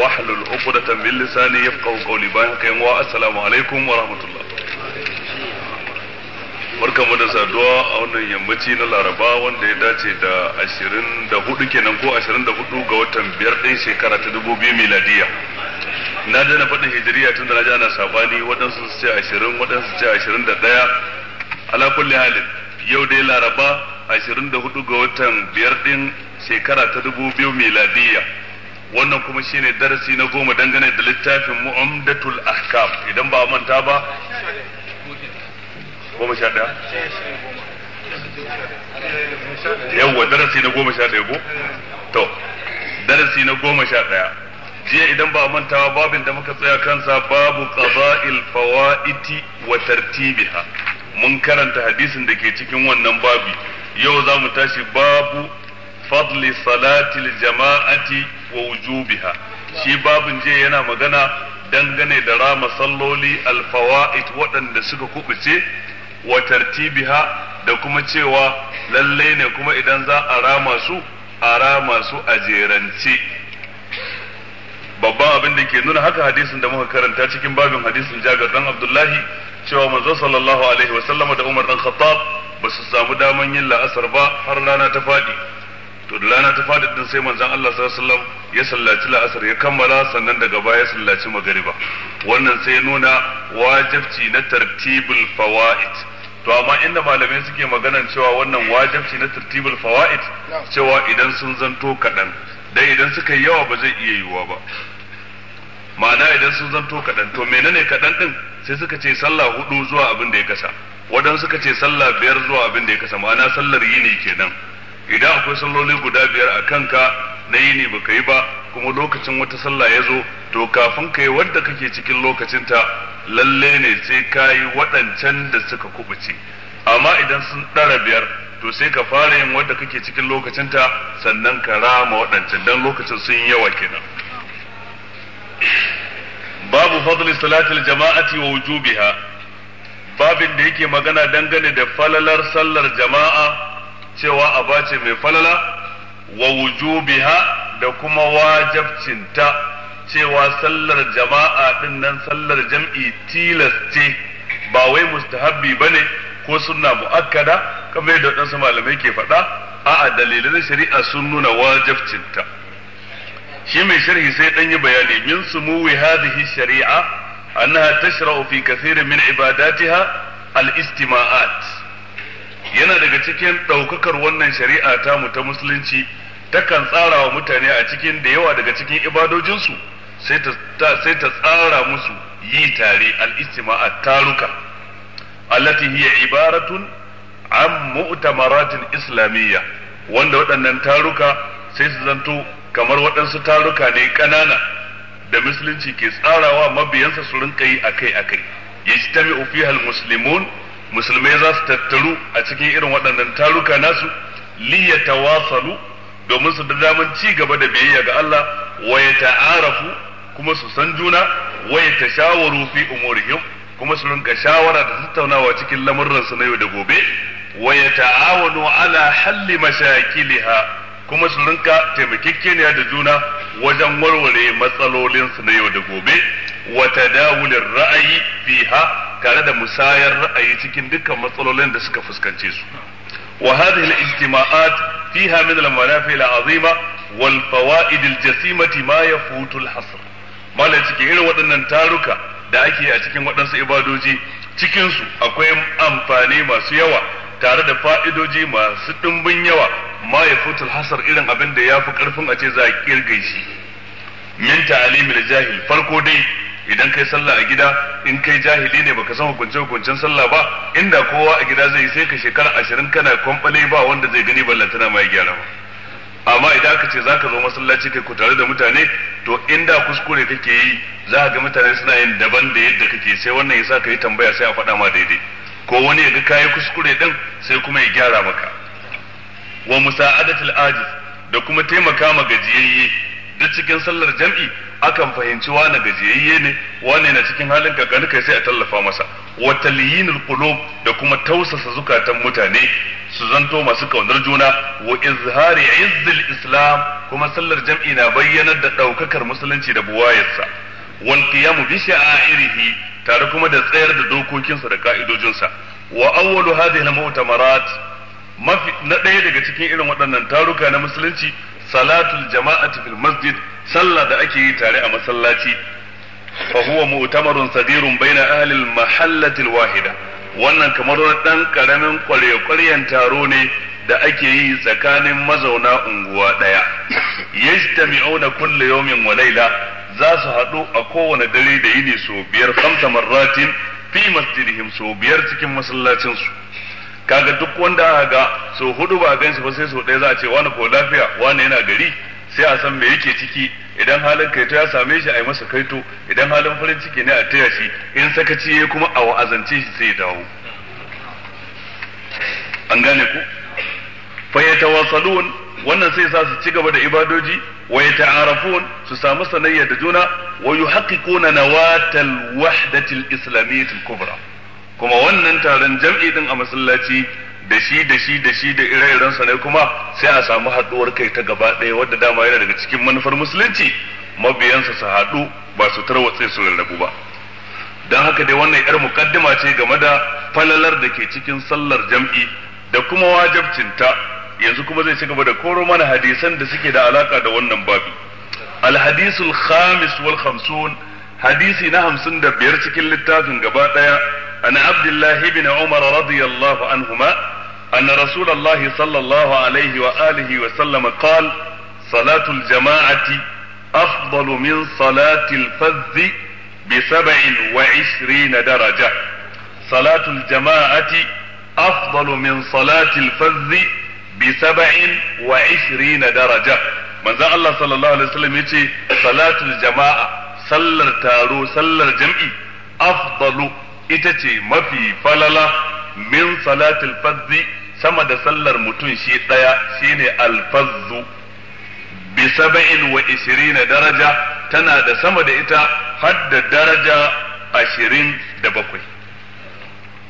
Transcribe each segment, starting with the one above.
wahlul uqdatan min lisani yafqahu qawli bayan haka yan wa assalamu alaikum wa rahmatullah barka mu da saduwa a wannan yammaci na laraba wanda ya dace da 24 kenan ko 24 ga watan biyar din shekara ta 2000 miladiya na da na faɗin hijiriya tun da na ji ana sabani waɗansu su ce 20 waɗansu su ce 21 ala kulli halin yau dai laraba 24 ga watan biyar din shekara ta 2000 miladiya wannan kuma shine darasi na goma dangane da littafin mu'amdatul ahkam idan ba manta ba goma sha ɗaya yawwa darasi na goma sha ɗaya ko to darasi na goma sha ɗaya jiya idan ba mantawa babin da muka tsaya kansa babu qada'il fawaiti wa tartibiha mun karanta hadisin da ke cikin wannan babi yau za mu tashi babu fadli salatil jama'ati wa wujubiha shi babin je yana magana dangane da rama salloli alfawa'id waɗanda suka kubuce wa tartibiha da kuma cewa lalle ne kuma idan za a rama su a rama su a jerance babban abin da ke nuna haka hadisin da muka karanta cikin babin hadisin jagar dan abdullahi cewa manzo sallallahu alaihi sallama da umar dan khattab ba su samu daman yin la'asar ba har rana ta faɗi. to da rana ta fadi din sai manzon Allah sallallahu alaihi wasallam ya sallaci la'asar ya kammala sannan daga baya ya sallaci magariba wannan sai nuna wajibci na tartibul fawaid to amma inda malamai suke maganan cewa wannan wajibci na tartibul fawaid cewa idan sun zanto kaɗan dai idan suka yi yawa ba zai iya yiwuwa ba ma'ana idan sun zanto kaɗan to menene kaɗan ɗin sai suka ce sallah hudu zuwa abin da ya kasa wadan suka ce sallah biyar zuwa abin da ya kasa ma'ana sallar yini kenan idan akwai salloli guda biyar a kanka na yi ne baka yi ba kuma lokacin wata sallah ya zo to kafin ka yi wadda kake cikin lokacinta lalle ne sai ka yi waɗancan da suka kubuce amma idan sun ɗara biyar to sai ka fara yin wadda kake cikin lokacinta sannan ka rama waɗancan don lokacin sun yi yawa kenan babu fadli salatil jama'ati wa wujubiha babin da yake magana dangane da falalar sallar jama'a cewa aba ce mai falala wa wujubiha da kuma wajabcinta cewa sallar jama'a din nan sallar jam'i tilas ce ba wai mustahabbi bane ko sunna muakkada kamar da wadansu malamai ke faɗa a'a dalilan shari'a sun nuna wajabcinta shi mai sharhi sai dan yi bayani min sumuwi hadhihi shari'a annaha tashra'u fi kathirin min ibadatiha al-istima'at yana daga cikin ɗaukakar wannan shari'a ta mu ta musulunci takan tsara wa mutane a cikin da yawa daga cikin ibadojinsu sai ta tsara musu yi tare al'istima a taruka allati hiya ibaratun an mu'tamaratin islamiyya wanda waɗannan taruka sai su zanto kamar waɗansu taruka ne ƙanana da musulunci ke tsarawa mabiyansa su rinka yi akai-akai yajtami'u fiha al-muslimun musulmai za su tattaru a cikin irin waɗannan taruka nasu wasalu domin su da daman ci gaba da biyayya ga Allah wa yata'arafu kuma su san juna wa ta fi umurihim kuma su rinka shawara da tattaunawa cikin lamurransu na yau da gobe wa yata'awanu ala halli mashakiliha kuma su rinka taimakekeniya da juna wajen warware matsalolinsu na yau da gobe wa tadawulir ra'ayi fiha tare da musayar ra'ayi cikin dukkan matsalolin da suka fuskance su wa hadhihi al-ijtima'at fiha min al-manafi' al-azima jasimati ma cikin irin waɗannan taruka da ake a cikin waɗansu ibadoji cikin su akwai amfani masu yawa tare da fa'idoji masu ɗimbin yawa ma yafutu al irin abin da yafi karfin a ce za a kirge shi min ta'limil jahil farko dai idan kai sallah a gida in kai jahili ne baka san hukunce hukuncen sallah ba inda kowa a gida zai yi sai ka shekara ashirin kana kwamfale ba wanda zai gani ballan tana mai gyara ba amma idan aka ce za ka zo masallaci kai ku tare da mutane to inda kuskure kake yi za ga mutane suna yin daban da yadda kake sai wannan ya sa ka yi tambaya sai a faɗa ma daidai ko wani ya ga kayi kuskure din sai kuma ya gyara maka wa musa'adatul ajiz da kuma taimaka ma gajiyayye duk cikin sallar jam'i akan fahimci wani gajiyayye ne wani na cikin halin ka kai sai a tallafa masa wa talyinul qulub da kuma tausasa zukatan mutane su zanto masu kaunar juna wa izhari izzil islam kuma sallar jam'i na bayyanar da daukakar musulunci da buwayarsa wal qiyamu bi sha'airihi tare kuma da tsayar da dokokinsa da ka'idojinsa wa awwalu hadhihi al-mu'tamarat mafi na ɗaya daga cikin irin waɗannan taruka na musulunci salatul jama'ati fil masjid sallah da ake yi tare a masallaci fa huwa mu'tamarun sadirun baina ahli al mahallati wahida wannan kamar wani dan karamin kware-kwaren taro ne da ake yi tsakanin mazauna unguwa daya yajtami'una kullu yawmin wa layla za su haɗu a kowane dare da yini so biyar kamta marratin fi masjidihim so biyar cikin masallacinsu kaga duk wanda aka ga so hudu ba gan shi ba sai so ɗaya za a ce wani ko lafiya wani yana gari sai a san me yake ciki idan halin kaito ya same shi a yi masa kaito idan halin farin ciki ne a taya shi in sakaci ya kuma a wa'azance shi sai ya dawo an gane ku fa yatawassalun wannan sai sa su ci gaba da ibadoji wa yata'arafun su samu sanayya da juna wa na nawatal wahdatil islamiyyatil kubra kuma wannan taron jam'i din a masallaci da shi da shi da shi da ire-iren sa ne kuma sai a samu haɗuwar kai ta gaba ɗaya wadda dama yana daga cikin manufar musulunci mabiyansa su haɗu ba su tarwatse su rarrabu ba don haka dai wannan yar mukaddima ce game da falalar da ke cikin sallar jam'i da kuma wajabcinta yanzu kuma zai ci gaba da koro mana hadisan da suke da alaka da wannan babi alhadisul khamis wal khamsun hadisi na hamsin da biyar cikin littafin gaba ɗaya عن عبد الله بن عمر رضي الله عنهما أن رسول الله صلى الله عليه وآله وسلم قال صلاة الجماعة أفضل من صلاة الفذ بسبع وعشرين درجة صلاة الجماعة أفضل من صلاة الفذ بسبع وعشرين درجة من ذا الله صلى الله عليه وسلم يتي صلاة الجماعة صلى تارو صلى الجمع أفضل ita ce mafi falala min salatul fazzi sama da sallar mutum shi ɗaya shine alfazzu bi saba'in wa daraja tana da sama da ita har da daraja ashirin da bakwai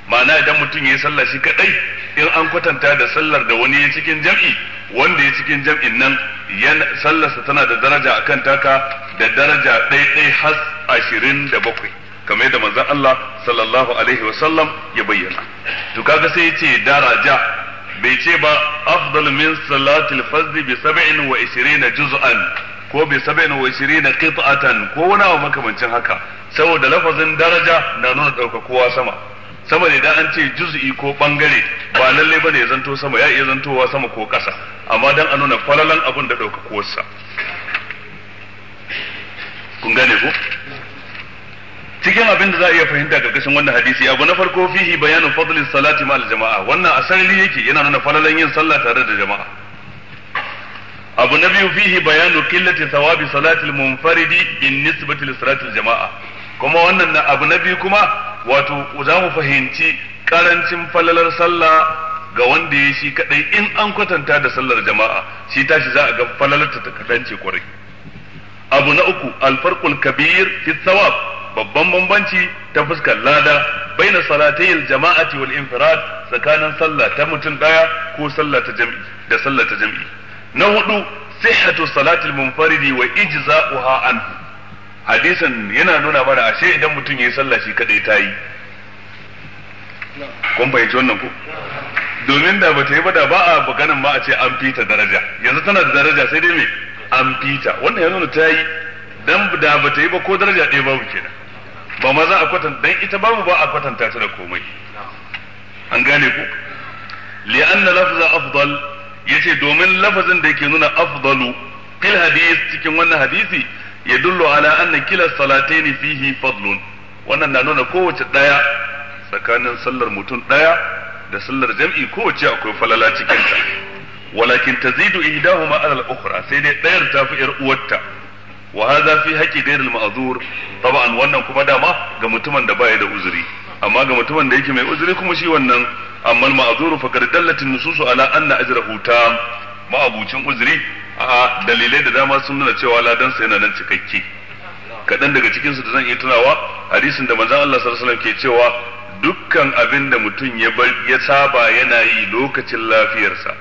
ma'ana idan mutum ya yi sallah shi kadai in an kwatanta da sallar da wani ya cikin jam'i wanda ya cikin jam'in nan sallarsa tana da daraja akan taka da daraja ɗaiɗai has ashirin da bakwai kamar yadda manzon Allah sallallahu alaihi wa sallam ya bayyana to kaga sai yace daraja bai ce ba afdal min salatil fajr bi 27 juz'an ko bi 27 qit'atan ko wani abu makamancin haka saboda lafazin daraja na nuna dauka kowa sama sama ne dan an ce juz'i ko bangare ba lalle bane ya zanto sama ya iya zantowa sama ko kasa amma dan a nuna falalan abin da dauka kun gane ko cikin abin da za a iya fahimta karkashin wannan hadisi abu na farko fihi bayanin fadlin salati ma'al jama'a wannan asali yake yana nuna falalan yin sallah tare da jama'a abu na biyu fihi bayanu qillati thawabi salati al-munfaridi bin nisbati li salati al-jama'a kuma wannan abu na biyu kuma wato za mu fahimci karancin falalar sallah ga wanda ya shi kadai in an kwatanta da sallar jama'a shi tashi za a ga falalar ta kadance kwarai abu na uku alfarqul kabir fi thawab babban bambanci ta fuskar lada baina salatayil jama'ati wal infirad tsakanin sallah ta mutum daya ko sallah ta jami'i da sallah ta jami'i na hudu sihhatu salatil munfaridi wa ijza'uha an hadisin yana nuna mana ashe idan mutum yayi sallah shi kadai ta yi kun fahimci wannan ko domin da bata yi ba da ba a maganin ma a ce an fita daraja yanzu tana da daraja sai dai me an fita wannan ya nuna ta yi dan da bata yi ba ko daraja ɗaya babu kenan ba ma za a kwatanta dan ita babu ba a kwatanta ta da komai an gane ku li'anna lafza afdal yace domin lafazin da yake nuna afdalu fil hadith cikin wannan hadisi yadullu ala anna kila salataini fihi fadlun wannan na nuna kowace daya tsakanin sallar mutum daya da sallar jam'i kowace akwai falala cikin ta walakin tazidu ihdahuma ala al-ukhra sai dai dayar tafi yar uwarta wa hadha fi haqqi ghayril ma'zur taban wannan kuma dama ga mutumin da baya da uzuri amma ga mutumin da yake mai uzuri kuma shi wannan amma ma'zuru fa kad dallatin nususu ala anna ajrahu tam ma'abucin uzuri a dalilai da dama sun nuna cewa ladan sa yana nan cikakke kadan daga cikin su da zan iya tunawa hadisin da manzon Allah sallallahu alaihi wasallam ke cewa dukkan abin da mutum ya bar ya saba yana yi lokacin lafiyarsa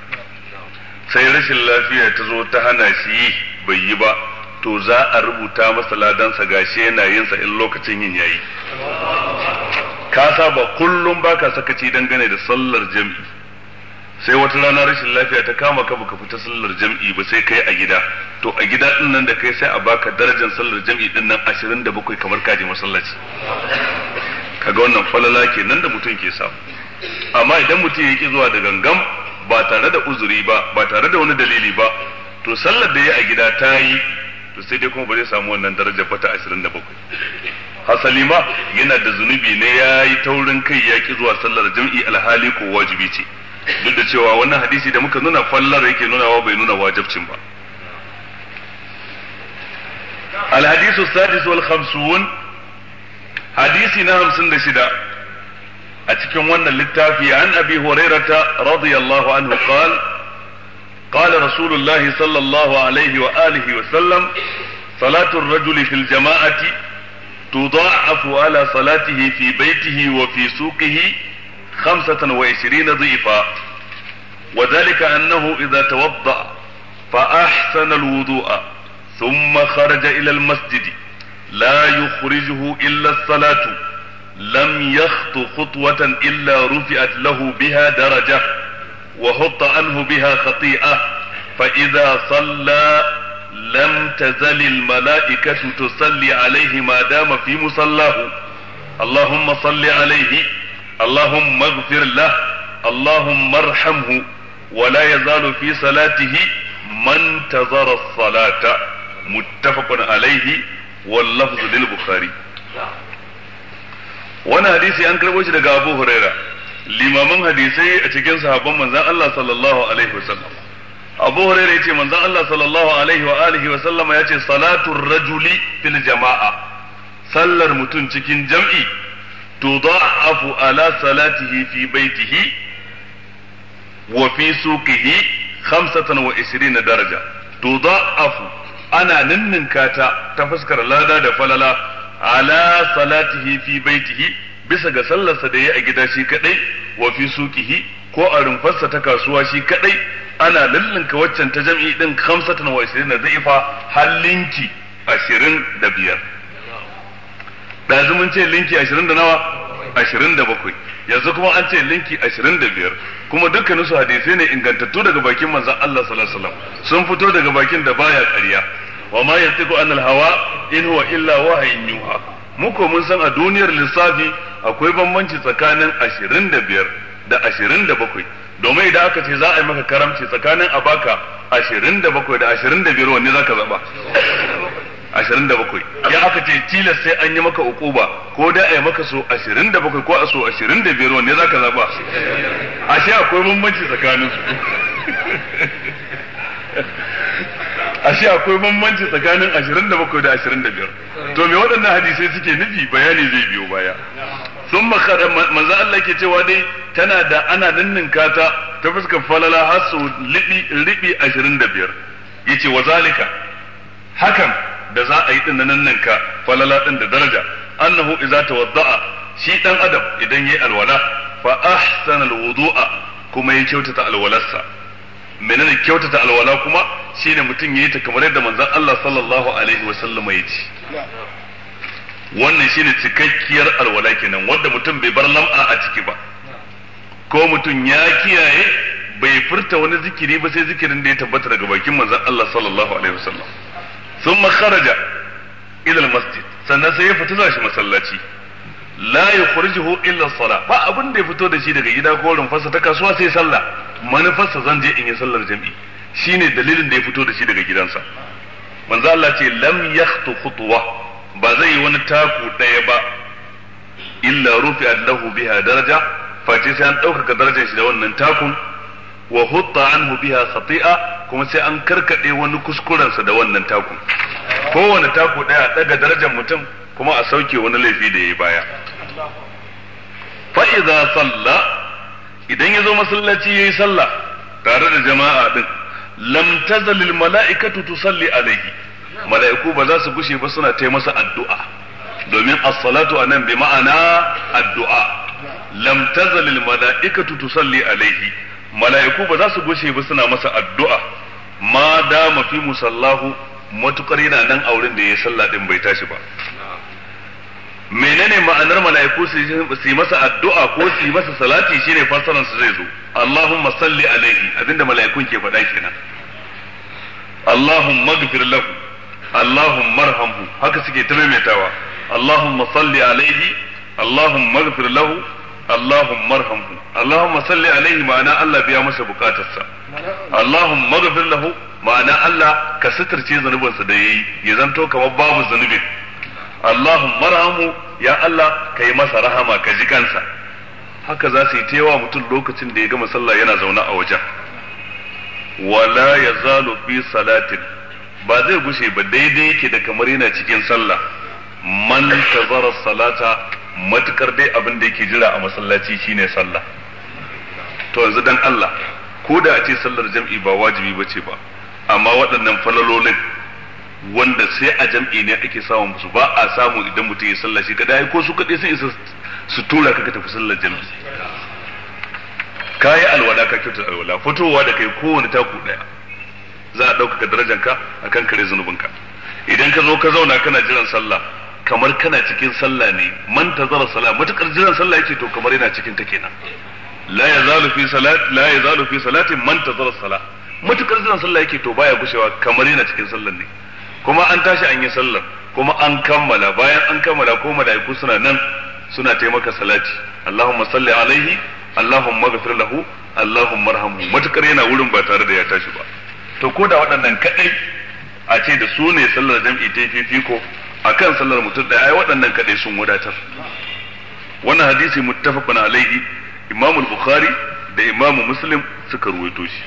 sai rashin lafiya ta zo ta hana shi bai yi ba to za a rubuta masa ladansa gashi yana yin sa in lokacin yin yayi ka saba kullum baka sakaci dangane da sallar jam'i sai wata rana rashin lafiya ta kama ka baka fita sallar jam'i ba sai kai a gida to a gida din nan da kai sai a baka darajar sallar jam'i din nan 27 kamar kaje masallaci kaga wannan falala kenan da mutum ke samu amma idan mutum ya ki zuwa da gangam ba tare da uzuri ba ba tare da wani dalili ba to sallar da ya a gida ta yi to sai dai kuma ba zai samu wannan darajar ba ta bakwai. hasali ma yana da zunubi ne ya yi taurin kai ya ki zuwa sallar jam'i alhali ko wajibi ce duk da cewa wannan hadisi da muka nuna fallar yake nunawa bai nuna wajibcin ba الحديث na والخمسون حديثنا همسن دشدا أتكم وانا للتافي عن أبي هريرة رضي radiyallahu عنه قال قال رسول الله صلى الله عليه وآله وسلم صلاة الرجل في الجماعة تضاعف على صلاته في بيته وفي سوقه خمسة وعشرين ضعفا وذلك أنه إذا توضأ فأحسن الوضوء ثم خرج إلى المسجد لا يخرجه إلا الصلاة لم يخط خطوة إلا رفعت له بها درجة وحط عنه بها خطيئة فإذا صلى لم تزل الملائكة تصلي عليه ما دام في مصلاه اللهم صل عليه اللهم اغفر له اللهم ارحمه ولا يزال في صلاته ما انتظر الصلاة متفق عليه واللفظ للبخاري wani hadisi an karbo shi daga Abu Huraira limaman hadisai a cikin sahabban manzon Allah sallallahu alaihi wasallam Abu Hurairah yace manzon Allah sallallahu alaihi wa alihi wa sallama yace salatul rajuli fil jama'a sallar mutum cikin jam'i tudha'afu ala salatihi fi baitihi wa fi suqihi 25 daraja tudha'afu ana ninninka ta ta fuskar lada da falala ala salatihi fi baitihi bisa ga sallarsa da ya a gida shi kadai wa fi sukihi ko a rumfarsa ta kasuwa shi kadai ana lullunka waccan ta jam'i din 25 na za'ifa halinki linki 25 ɗazu mun ce linki 20 da nawa 27 yanzu kuma an ce linki 25 kuma dukkanin su hadisai ne ingantattu daga bakin manzon Allah sallallahu alaihi wasallam sun fito daga bakin da baya ƙarya wa ma yantiku anil hawa in huwa illa wahayin yuha muko mun san a duniyar lissafi akwai bambanci tsakanin ashirin da biyar da ashirin da bakwai domin idan aka ce za a yi maka karamci tsakanin a baka ashirin da bakwai da ashirin da biyar wanne za ka zaɓa ashirin da bakwai ya aka ce tilas sai an yi maka ukuba ko da a yi maka so ashirin da bakwai ko a so ashirin da biyar wanne za ka zaɓa ashe akwai bambanci tsakanin su ashe akwai bambanci tsakanin 27 da 25 to me waɗannan hadisai suke nufi bayani zai biyo baya sun makara manzo Allah ke cewa dai tana da ana ninninka ninkata ta fuskar falala har su da biyar. Ya yace wa zalika hakan da za a yi din ninninka falala ɗin da daraja annahu idza tawadda'a shi dan adam idan yayi alwala fa ahsana alwudu'a kuma ya kyautata alwalarsa menene kyautata alwala kuma shine mutum yayi ta kamar yadda manzon Allah sallallahu alaihi wa sallam ya ce wannan shine cikakkiyar alwala kenan wanda mutum bai bar lam'a a ciki ba ko mutum ya kiyaye bai furta wani zikiri ba sai zikirin da ya tabbata daga bakin manzon Allah sallallahu alaihi wa sallam thumma kharaja ila al-masjid sannan sai ya fita shi masallaci la yukhrijuhu illa as-salah ba abin da ya fito da shi daga gida ko fasa ta kasuwa sai sallah manufarsa zan je in yi sallar jami'i shine dalilin da ya fito da shi daga gidansa manzo Allah ce lam yakhtu khutwa ba zai yi wani taku daya ba illa rufi'at lahu biha daraja face sai an ɗaukaka darajar shi da wannan takun wa hutta anhu biha khati'a kuma sai an karkade wani kuskurensa da wannan takun kowane taku daya daga darajar mutum kuma a sauke wani laifi da ya yi baya fa'iza idza salla idan zo masallaci ya yi sallah tare da jama'a din lam mala'ikatu mala'ikatu tusalli alayhi mala'iku ba za su gushe ba suna ta masa addu'a domin as-salatu anan bi ma'ana addu'a lam mala'ikatu al mala'ikatu tusalli alayhi mala'iku ba za su gushe ba suna masa addu'a ma da fi musallahu matukar yana nan a wurin da ya sallah din bai tashi ba menene ma'anar mala'iku su yi masa addu'a ko su yi masa salati shine fassaran su zai zo Allahumma salli alaihi abinda mala'ikun ke faɗa kenan Allahumma gfir lahu Allahumma arhamhu haka suke ta maimaitawa Allahumma salli alaihi Allahumma gfir lahu Allahumma arhamhu Allahumma salli alaihi ma'ana Allah biya masa bukatarsa Allahumma gfir lahu ma'ana Allah ka suturce zanubansa da yayi ya zanto kamar babu zanubin Allahumma rahamu ya Allah ka yi masa rahama ka ji kansa haka za su yi tewa mutum lokacin da ya gama sallah yana zaune a wajen wala ya zalo fi salatin ba zai gushe ba daidai yake da kamar yana cikin sallah man tazara salata matukar dai abin da yake jira a masallaci shine sallah to yanzu dan Allah ko da a ce sallar jam'i ba wajibi bace ba amma waɗannan falalolin wanda sai a jam'i ne ake samun su ba a samu idan mutum ya sallah shi kadai ko su kadai sun isa su tura ka ka tafi sallar jam'i kayi alwala ka kyautar alwala fitowa da kai kowane taku daya za a ɗaukaka darajanka a kan kare zunubinka idan ka zo ka zauna kana jiran sallah kamar kana cikin sallah ne man tazara sallah matukar jiran sallah yake to kamar yana cikin ta kenan la yazalu fi salati la yazalu fi salati man tazara sallah matukar jiran sallah yake to baya gushewa kamar yana cikin sallah ne kuma an tashi an yi sallar kuma an kammala bayan an kammala ko mala'iku suna nan suna taimaka salati Allahumma salli alaihi Allahumma ghfir lahu Allahumma arhamhu matukar yana wurin ba tare da ya tashi ba to ko da waɗannan kadai a ce da su ne sallar jam'i ta fifiko akan sallar mutum da ai waɗannan kadai sun wadatar wannan hadisi muttafaqun alaihi Imam al-Bukhari da Imam Muslim suka ruwaito shi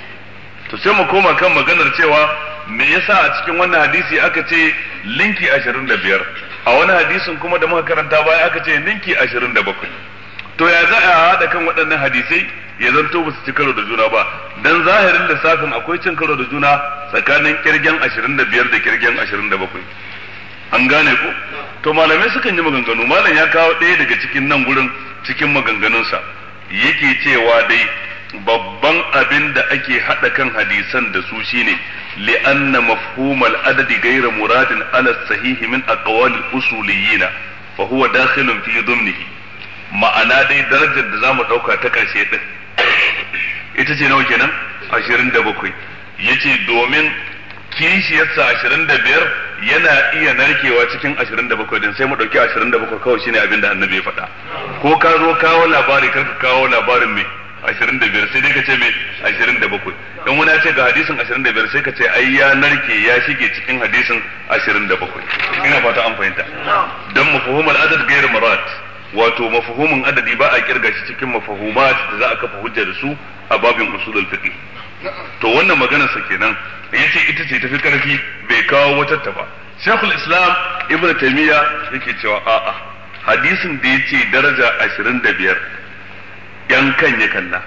to sai mu koma kan maganar cewa me yasa a cikin wannan hadisi aka ce linki 25 a wani hadisin kuma da muka karanta baya aka ce linki 27 to ya za a haɗa kan waɗannan hadisai ya zanto ba su ci karo da juna ba dan zahirin lissafin akwai cin karo da juna tsakanin kirgen 25 da kirgen 27 an gane ko to malamai sukan yi maganganu malam ya kawo ɗaya daga cikin nan gurin cikin maganganunsa yake cewa dai babban abin da ake haɗa kan hadisan da su shine li'anna mafhumal adadi gaira muradin ala sahihi min aqwalil usuliyina fa huwa dakhilun fi dhumnihi ma'ana dai darajar da zamu dauka ta karshe din ita ce nawa kenan 27 yace domin kishiyarsa 25 yana iya narkewa cikin 27 din sai mu dauki 27 kawai shine abin da annabi ya faɗa ko ka zo kawo labari karka kawo labarin mai ashirin da biyar sai dai ka ce mai ashirin da bakwai in wani ya ce ga hadisin ashirin da biyar sai ka ce ai ya narke ya shige cikin hadisin ashirin da bakwai ina fata an fahimta don mafuhumar adad gairu marat wato mafuhumin adadi ba a kirga shi cikin mafahumat da za a kafa hujja da su a babin usulul fiqh to wannan maganar sa kenan yace ita ce tafi karfi bai kawo wata ta ba shaykhul islam ibnu taymiya yake cewa a'a hadisin da yace daraja 25 yan kan ya kalla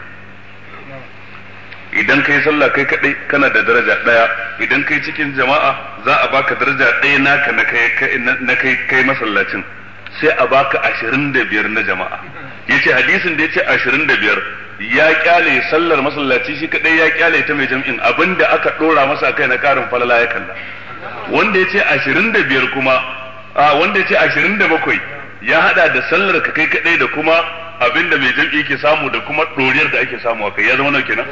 idan kai sallah kai kadai kana da daraja daya idan kai cikin jama'a za a baka daraja daya naka na kai na kai kai masallacin sai a baka ashirin na jama'a yace hadisin da yace ashirin ya kyale sallar masallaci shi kadai ya kyale ta mai jam'in abinda aka dora masa kai na karin falala ya kalla wanda yace ashirin kuma a wanda yace ashirin ya hada da sallar ka kai kadai da kuma abinda mai jam'i ke samu da kuma doriyar da ake samu a kai ya zama nawa kenan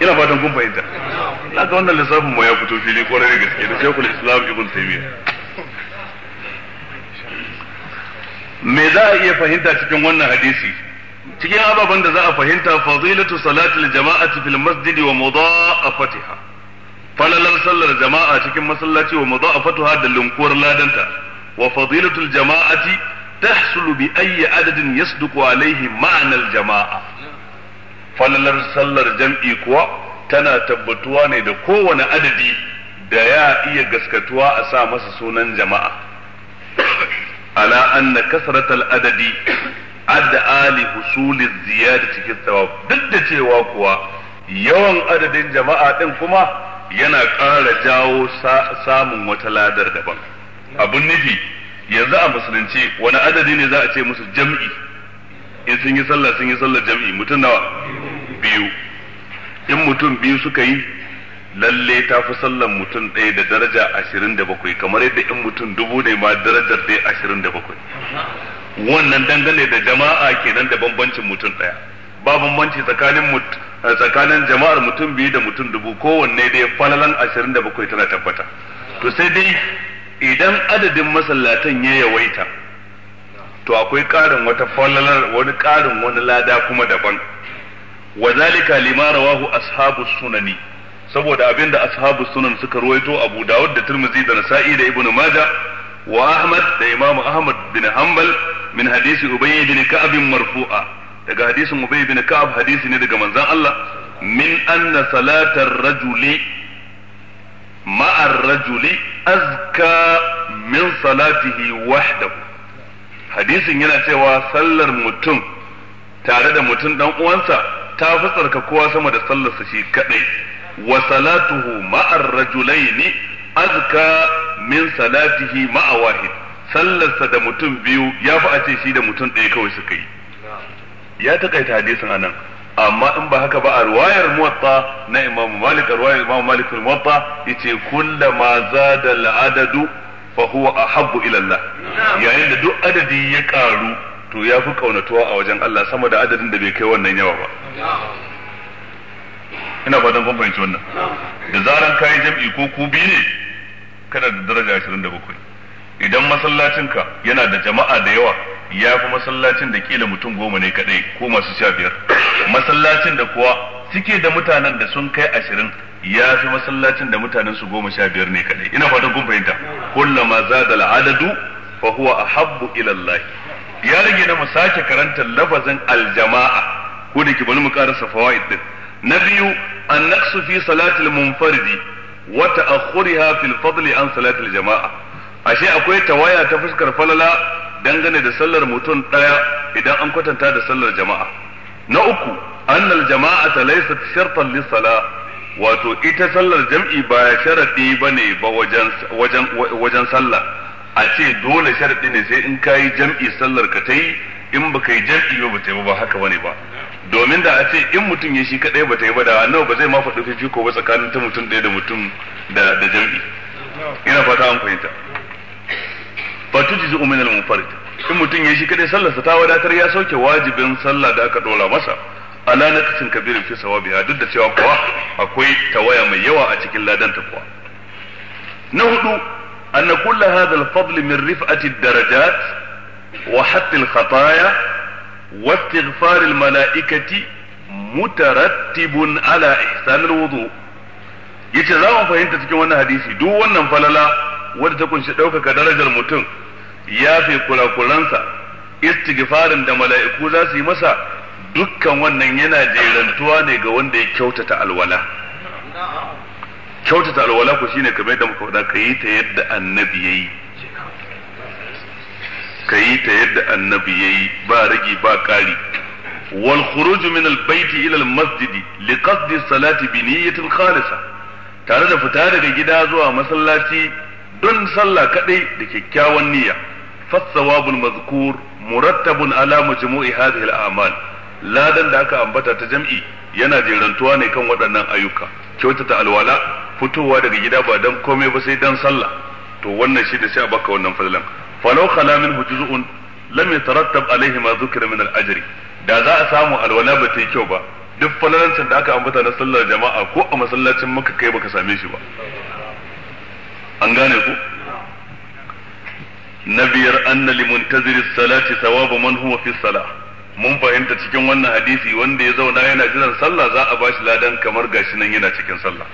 ina fatan kun fahimta haka wannan lissafin ma ya fito fili kwarai da gaske da shekul islam ibn taymiya me za a iya fahimta cikin wannan hadisi cikin ababen da za a fahimta fadilatu salatil jama'ati fil masjidi wa mudha'afatiha falalar sallar jama'a cikin masallaci wa mudha'afatuha da lunkuwar ladanta wa Fadilatu fadilatul jama'ati tahsulu ayya ayyi adadin yasduqu alaihi ma'anar jama'a falalar sallar jam'i kuwa tana tabbatuwa ne da kowane adadi da ya iya gaskatuwa a sa masa sunan jama'a ala anna kasratal adadi ad'a ali husuli ziyadati cikin thawab duk da cewa kuwa yawan adadin jama'a ɗin kuma yana ƙara jawo samun wata ladar daban abun nufi yanzu a musulunci wani adadi ne za a ce musu jam'i in sun yi sallah sun yi sallah jam'i mutum nawa biyu in mutum biyu suka yi lalle ta fi sallan mutum ɗaya da daraja ashirin da bakwai kamar yadda in mutum dubu ne ma darajar ɗaya ashirin da bakwai wannan dangane da jama'a kenan da bambancin mutum ɗaya ba bambanci tsakanin eh, tsakanin jama'ar mutum biyu da mutum dubu kowanne dai falalan ashirin da bakwai tana tabbata to sai dai idan adadin masallatan ya yawaita to akwai ƙarin wata falalar wani ƙarin wani lada kuma daban wa zalika lima rawahu ashabu sunani saboda abinda ashabu sunan suka ruwaito Abu Dawud da Tirmidhi da Nasa'i da Ibn Maja, wa Ahmad da Imam Ahmad bin Hanbal min hadisi ubayy bin Ka'ab marfu'a daga hadisin ubayy bin Ka'ab hadisi ne daga manzon Allah min anna salatar rajuli ma'ar rajuli azka min salatihi wahdahu hadisin yana cewa sallar mutum tare da mutum ɗan uwansa ta fi tsarkakuwa sama da sallarsa shi kadai wa salatuhu ma'ar rajulaini azka min salatihi ma'a wahid sallarsa da mutum biyu ya fi a ce shi da mutum ɗaya kawai suka yi ya taƙaita hadisin anan amma in ba haka ba a ruwayar muwatta na imam malik a ruwayar imam malik muwatta yace ma zada al adadu fa huwa ahabbu ila Allah yayin da duk adadi ya karu to ya kaunatuwa a wajen Allah sama da adadin da bai kai wannan yawa ba ina fatan kun fahimci wannan da zaran kayi jam'i ko ku biyu ne kana da daraja 27 idan masallacinka yana da jama'a da yawa ya fi masallacin da kila mutum goma ne kadai ko masu sha biyar masallacin da kuwa suke da mutanen da sun kai ashirin ya fi masallacin da mutanen su goma sha biyar ne kadai ina fatan kun fahimta kullama zadal adadu fa huwa ahabbu ila Allah ya rage na mu sake karantar lafazin aljama'a ko da ke bari mu karasa fawaid din na biyu an fi salatil munfaridi wa ta'akhuriha fil fadli an salatil jama'a ashe akwai tawaya ta fuskar falala dangane da sallar mutum ɗaya idan an kwatanta da sallar jama'a na uku annal ta laysat shartan sala wato ita sallar jam'i ba sharadi bane ba wajen wajen wajen sallah a ce dole sharadi ne sai in kayi jam'i sallar ka yi in baka yi jam'i ba ta yi ba haka bane ba domin da a ce in mutum ya shi kadai ba ta yi ba da annabi ba zai ma faɗi ko ba tsakanin ta mutum ɗaya da mutum da jam'i ina fata an fahimta fa tujzi min al munfarid in mutum ya shi kadai sallarsa ta wadatar ya sauke wajibin sallah da aka dora masa ala naqsin kabirin fi sawabiha duk da cewa kuwa akwai tawaya mai yawa a cikin ladan ta kuwa na hudu أن كل هذا الفضل من رفعة الدرجات وحط الخطايا mala'ikati الملائكة مترتب على إحسان الوضوء yace za mu fahimta cikin wannan hadisi duk wannan falala wadda ta kunshi ɗaukaka darajar mutum Ya yafe kurakuransa istighfarin da mala'iku za su yi masa dukkan wannan yana jerantuwa ne ga wanda ya kyautata alwala kyautata alwala ku shine kamar yadda muka faɗa yi ta yadda annabi yayi yi, ta yadda annabi yayi ba ragi ba ƙari wal khuruj min al bayt ila al masjid li qasdi salati bi niyyatin khalisa tare da fita daga gida zuwa masallaci don sallah kadai da kyakkyawan niyya فالثواب المذكور مرتب على مجموع هذه الأعمال ladan da aka ambata ta jam'i yana jerantuwa ne kan waɗannan ayyuka kyautata alwala fitowa daga gida ba dan komai ba sai dan sallah to wannan shi da sai a baka wannan fadlan falau khala min hujuzun lam yatarattab alaihi ma dhukira min al-ajri da za a samu alwala ba ta yi kyau ba duk falalancin da aka ambata na sallar jama'a ko a masallacin maka kai baka same shi ba an gane ku Na biyar لمنتظر الصلاة ثواب من هو في الصلاة mun fahimta cikin wannan hadisi wanda ya zauna yana jiran sallah za a shi ladan kamar gashi yana cikin sallah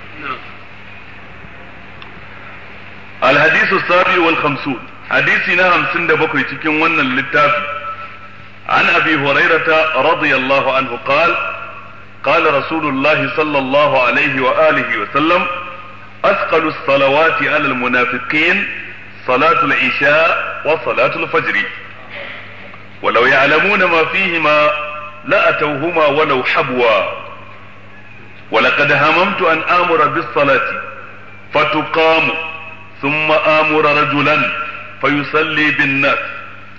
al hadisu sabi hadisi na hamsin da bakwai cikin wannan littafi an abi hurairata radiyallahu anhu qal qala sallallahu alaihi wa alihi wa sallam asqalu salawati alal al صلاة العشاء وصلاة الفجر ولو يعلمون ما فيهما لأتوهما ولو حبوا ولقد هممت أن آمر بالصلاة فتقام ثم آمر رجلا فيصلي بالناس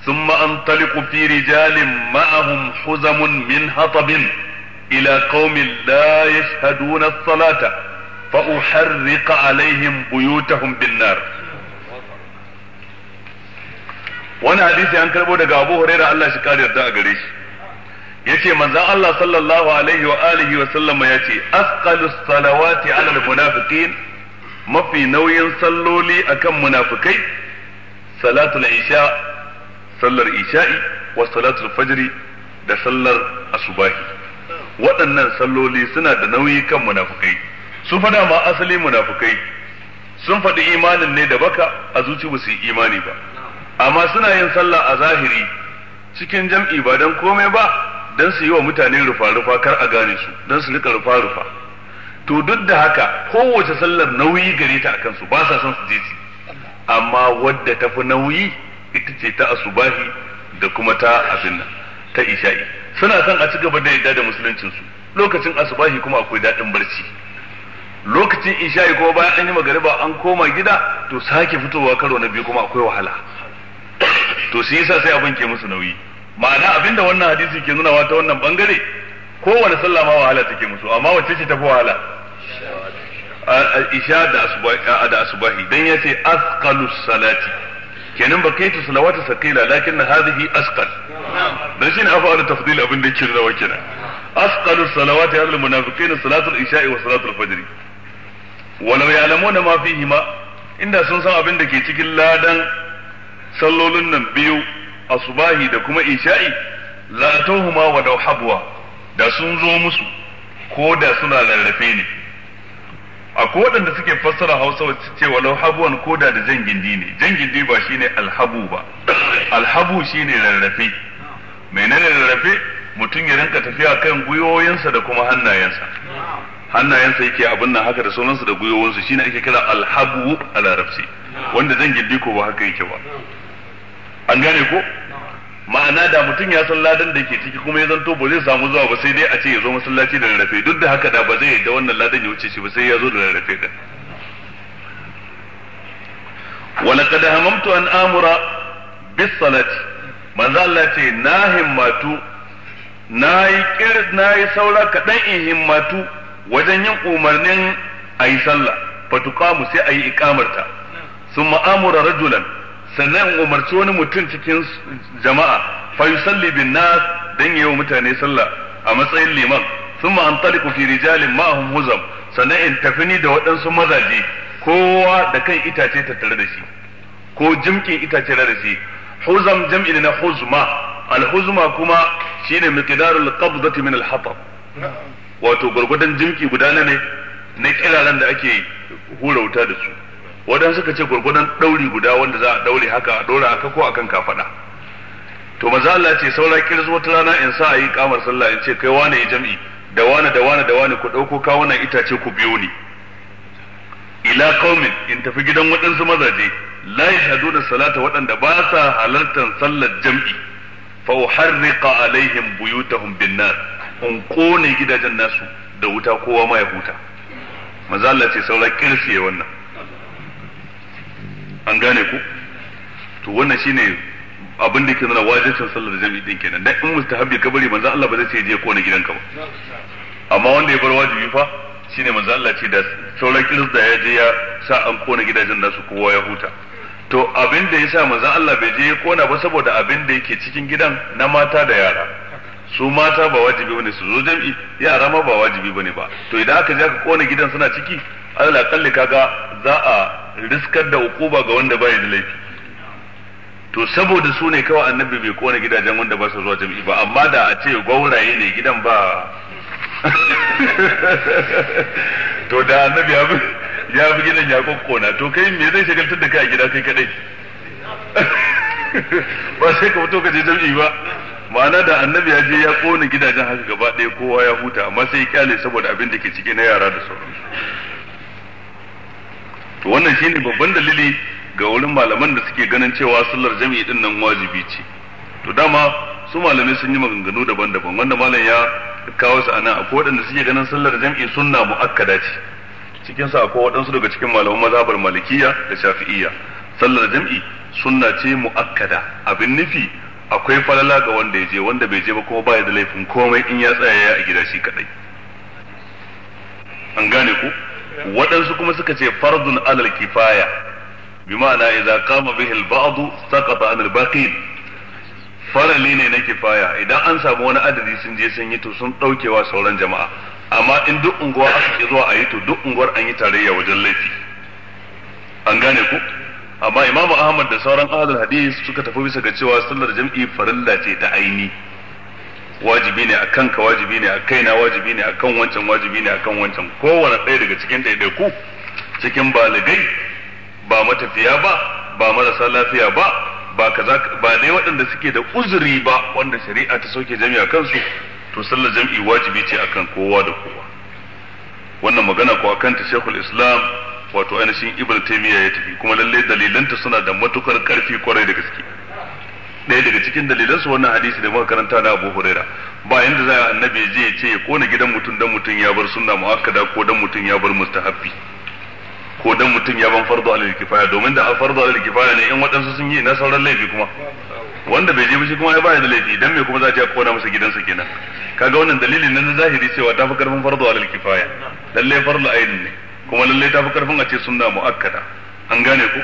ثم أنطلق في رجال معهم حزم من هطب إلى قوم لا يشهدون الصلاة فأحرق عليهم بيوتهم بالنار wani hadisi an karbo daga Abu Hurairah Allah shi kare yarda a gare shi yace manzon Allah sallallahu alaihi wa alihi wa sallama yace asqalus salawati ala almunafiqin mafi nauyin salloli akan munafikai salatul isha sallar isha'i wa salatul fajri da sallar asubahi waɗannan salloli suna da nauyi kan munafikai sun fada ma asali munafikai sun faɗi imanin ne da baka a zuci ba su imani ba amma suna yin sallah a zahiri cikin jam'i ba dan komai ba dan su yi wa mutane rufa-rufa kar a gane su dan su rika rufa-rufa to duk da haka kowace sallar nauyi gare ta akan su ba sa son su je amma wadda ta fi nauyi ita ce ta asubahi da kuma ta abin nan ta isha'i suna son a ci gaba da yadda da musuluncin su lokacin asubahi kuma akwai daɗin barci lokacin isha'i kuma bayan an yi magariba an koma gida to sake fitowa karo na biyu kuma akwai wahala to shi yasa sai abin ke musu nauyi ma'ana abinda wannan hadisi ke nuna ta wannan bangare kowane sallah ma wahala take musu amma wacce ce tafi wahala isha da asubahi da asubahi dan yace asqalus salati kenan ba kai ta salawatu sakila lakin hadhihi asqal dan shine afa da tafdil abin da yake rawa kenan asqalus salawati al munafiqina salatul isha'i wa salatul fajr walau ya'lamuna ma fihi ma inda sun san abin da ke cikin ladan sallolin nan biyu asubahi da kuma isha'i la tuhuma wa law habwa da sun zo musu ko da suna rarrafe ne a wadanda suke fassara hausa wacce cewa lau habuwan ko da da jangindi ne jangindi ba shine alhabu ba alhabu shine rarrafe menene rarrafe mutum ya rinka tafiya kan gwiwoyinsa da kuma hannayensa hannayensa yake abin nan haka da sauransu da gwiwoyinsu shine ake kira alhabu a larabci wanda jan gindi ko ba haka yake ba an gane ko ma'ana da mutum ya san ladan da ke ciki kuma ya zanto ba zai samu zuwa ba sai dai a ce ya zo masallaci da rarrafe duk da haka da ba zai da wannan ladan ya wuce shi ba sai ya zo da rarrafe din walaqad hamamtu an amura bis salati manzo Allah ce na himmatu nayi kir nayi saura kadan in himmatu wajen yin umarnin ayi sallah tuqamu sai ayi iqamarta summa amura rajulan sannan umarci wani mutum cikin jama'a fa yusalli bin nas dan wa mutane sallah a matsayin liman thumma antaliqu fi rijalin ma'ahum huzam sannan in tafi ni da waɗansu mazaje kowa da kan itace tattare da shi ko jimkin itace da shi huzam jam'i na huzma al-huzma kuma shine miqdarul qabdati min al-hatab wato gurgudan jimki gudana ne na kiraran da ake hura wuta da su wadan suka ce gurgudan dauri guda wanda za a ɗaure haka a dora aka ko akan kafaɗa? to maza Allah ce saura kirz wata rana in sa yi kamar sallah in ce kai wane ya jam'i da wane da wane da wane ku dauko kawunan itace ku biyo ni ila qaumin in tafi gidan waɗansu mazaje la da salata waɗanda ba sa halartar sallar jam'i fa uharriqa alaihim buyutahum bin nar in kone gidajen nasu da wuta kowa ma ya huta maza Allah ce saura kirsiye wannan an gane ku to wannan shine abin da ke nuna wajibcin sallar jami'i din kenan dan in mustahabi ka bari manzo Allah ba zai ce je kona gidanka ba amma wanda ya bar wajibi fa shine manzo Allah ce da sauran kirista ya je ya sa an kona gidajen nasu kowa ya huta to abin da yasa manzo Allah bai je ya kona ba saboda abin da yake cikin gidan na mata da yara su mata ba wajibi bane su zo jami'i yara ma ba wajibi bane ba to idan aka je aka kona gidan suna ciki alal kalli kaga za a riskar da hukuba ga wanda bai da laifi to saboda su ne kawai annabi bai kona gidajen wanda ba su zuwa jami'i ba amma da a ce gauraye ne gidan ba to da annabi ya bi gidan ya kokkona to kai me zai shagaltar da kai a gida kai kadai ba sai ka fito ka je jami'i ba ma'ana da annabi ya je ya kona gidajen haka gaba ɗaya kowa ya huta amma sai ya kyale saboda abin da ke ciki na yara da sauransu to wannan shine babban dalili ga wurin malaman da suke ganin cewa sallar jami'i din nan wajibi ce to dama su malamai sun yi maganganu daban-daban wanda malam ya kawo su anan akwai waɗanda suke ganin sallar jami'i sunna mu'akkada ce cikin sa akwai waɗansu daga cikin malaman mazhabar malikiya da shafi'iyya sallar jami'i sunna ce mu'akkada abin nufi akwai falala ga wanda ya je wanda bai je ba kuma baya da laifin komai in ya tsaya ya a gida shi kadai an gane ku waɗansu kuma suka ce fardun alal kifaya bi ma'ana idza kama bihi al badu saqata an al-baqin farali ne na kifaya idan an samu wani adadi sun je sun yi to sun daukewa sauran jama'a amma in duk unguwa aka ke zuwa a yi to duk unguwar an yi tarayya wajen laifi an gane ku amma imamu ahmad da sauran ahlul hadith suka tafi bisa ga cewa sallar jam'i farilla ce ta aini wajibi ne akan ka wajibi ne a na wajibi ne akan wancan wajibi ne akan wancan kowane ɗaya daga cikin ɗaiɗaiku cikin baligai ba matafiya ba ba marasa lafiya ba ba kaza ba dai waɗanda suke da uzuri ba wanda shari'a ta sauke jami'a kansu to sallar jam'i wajibi ce akan kowa da kowa wannan magana ko akan ta Sheikhul Islam wato ainihin Ibn Taymiyyah ya tafi kuma lalle dalilanta suna da matukar karfi kwarai da gaske ɗaya daga cikin dalilansu wannan hadisi da muka karanta na Abu Huraira ba yanda za annabi zai je ya ce ya kona gidan mutum dan mutum ya bar sunna muakkada ko dan mutum ya bar mustahabbi ko dan mutum ya ban fardu alal kifaya domin da fardu alal kifaya ne in waɗansu sun yi na sauran laifi kuma wanda bai je ba shi kuma ya baya da laifi dan me kuma za ta kona masa gidansa kenan kaga wannan dalili nan na zahiri cewa ta fi karfin fardu alal kifaya lalle fardu ayin ne kuma lalle ta fi karfin a ce sunna muakkada an gane ku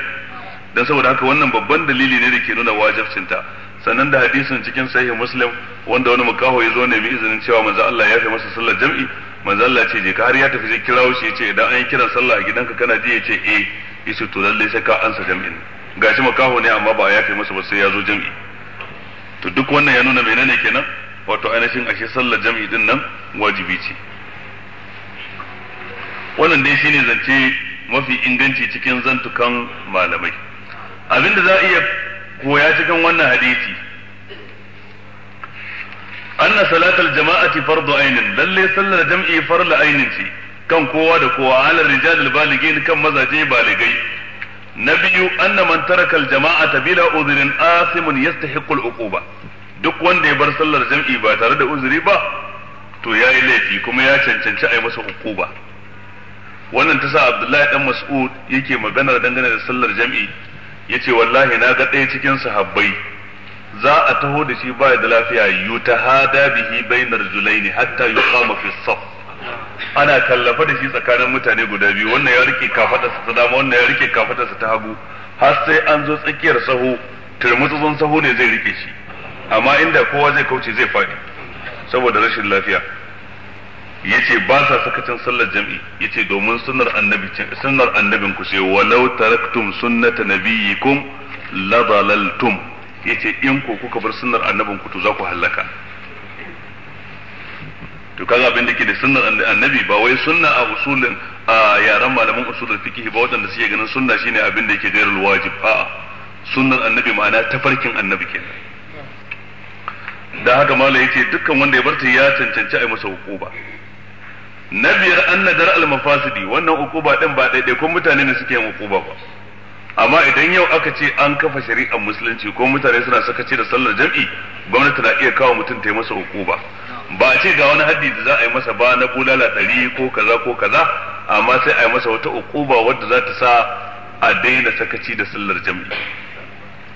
dan saboda haka wannan babban dalili ne da ke nuna wajibcinta sannan da hadisin cikin sahih muslim wanda wani mukaho ya zo ne bi izinin cewa manzo Allah ya fi masa sallar jam'i manzo Allah ce je ka har ya tafi je kirawo shi yace idan an yi kiran sallah a gidanka kana ji yace eh yace to lalle sai ka ansa jam'in gashi makaho ne amma ba ya fi masa ba sai ya zo jam'i to duk wannan ya nuna menene kenan wato ainihin ashe sallar jam'i din nan wajibi ce wannan dai shine zance mafi inganci cikin zantukan malamai abinda za a iya koya cikin wannan hadisi anna salatal jama'ati fardu ainin lalle sallar jam'i farla ainin ce kan kowa da kowa ala rijal baligin kan mazaje baligai na biyu anna man taraka al jama'ata bila udhrin asimun yastahiqu al uquba duk wanda ya bar sallar jam'i ba tare da uzuri ba to yayi laifi kuma ya cancanci a yi masa uquba wannan ta sa Abdullahi dan Mas'ud yake magana dangane da sallar jam'i ya ce wallahi na ga ɗaya cikin sahabbai za a taho da shi ba da lafiya yutahada bihi bainar julaini hatta yuqama fi saf ana kallafa da shi tsakanin mutane guda biyu wannan ya rike kafadarsa ta dama wannan ya rike kafatarsa ta hagu har sai an zo tsakiyar sahu turmutsutsun sahu ne zai rike shi amma inda kowa zai kauce zai faɗi saboda rashin lafiya yace ba sa sakacin sallar jami'i yace domin sunnar annabi sunnar annabin ku sai walau taraktum sunnata nabiyikum ladalaltum yace in ku kuka bar sunnar annabin ku to za ku halaka to kaga abin da ke da sunnar annabi ba wai sunna a usulin a yaran malaman usulul fiqh ba wadanda suke ganin sunna shine abin da yake gairul wajib a'a sunnar annabi ma'ana tafarkin annabi kenan da haka malai yace dukkan wanda ya barta ya cancanci a masa hukuma na biyar an nadar almafasidi wannan ukuba din ba ko mutane ne suke yin ukuba ba amma idan yau aka ce an kafa shari'ar musulunci ko mutane suna sakaci da sallar jam'i gwamnati na iya kawo mutum ta yi masa ukuba ba a ce ga wani haddi da za a yi masa ba na bulala ɗari ko kaza ko kaza amma sai a yi masa wata ukuba wadda za ta sa a daina sakaci da sallar jam'i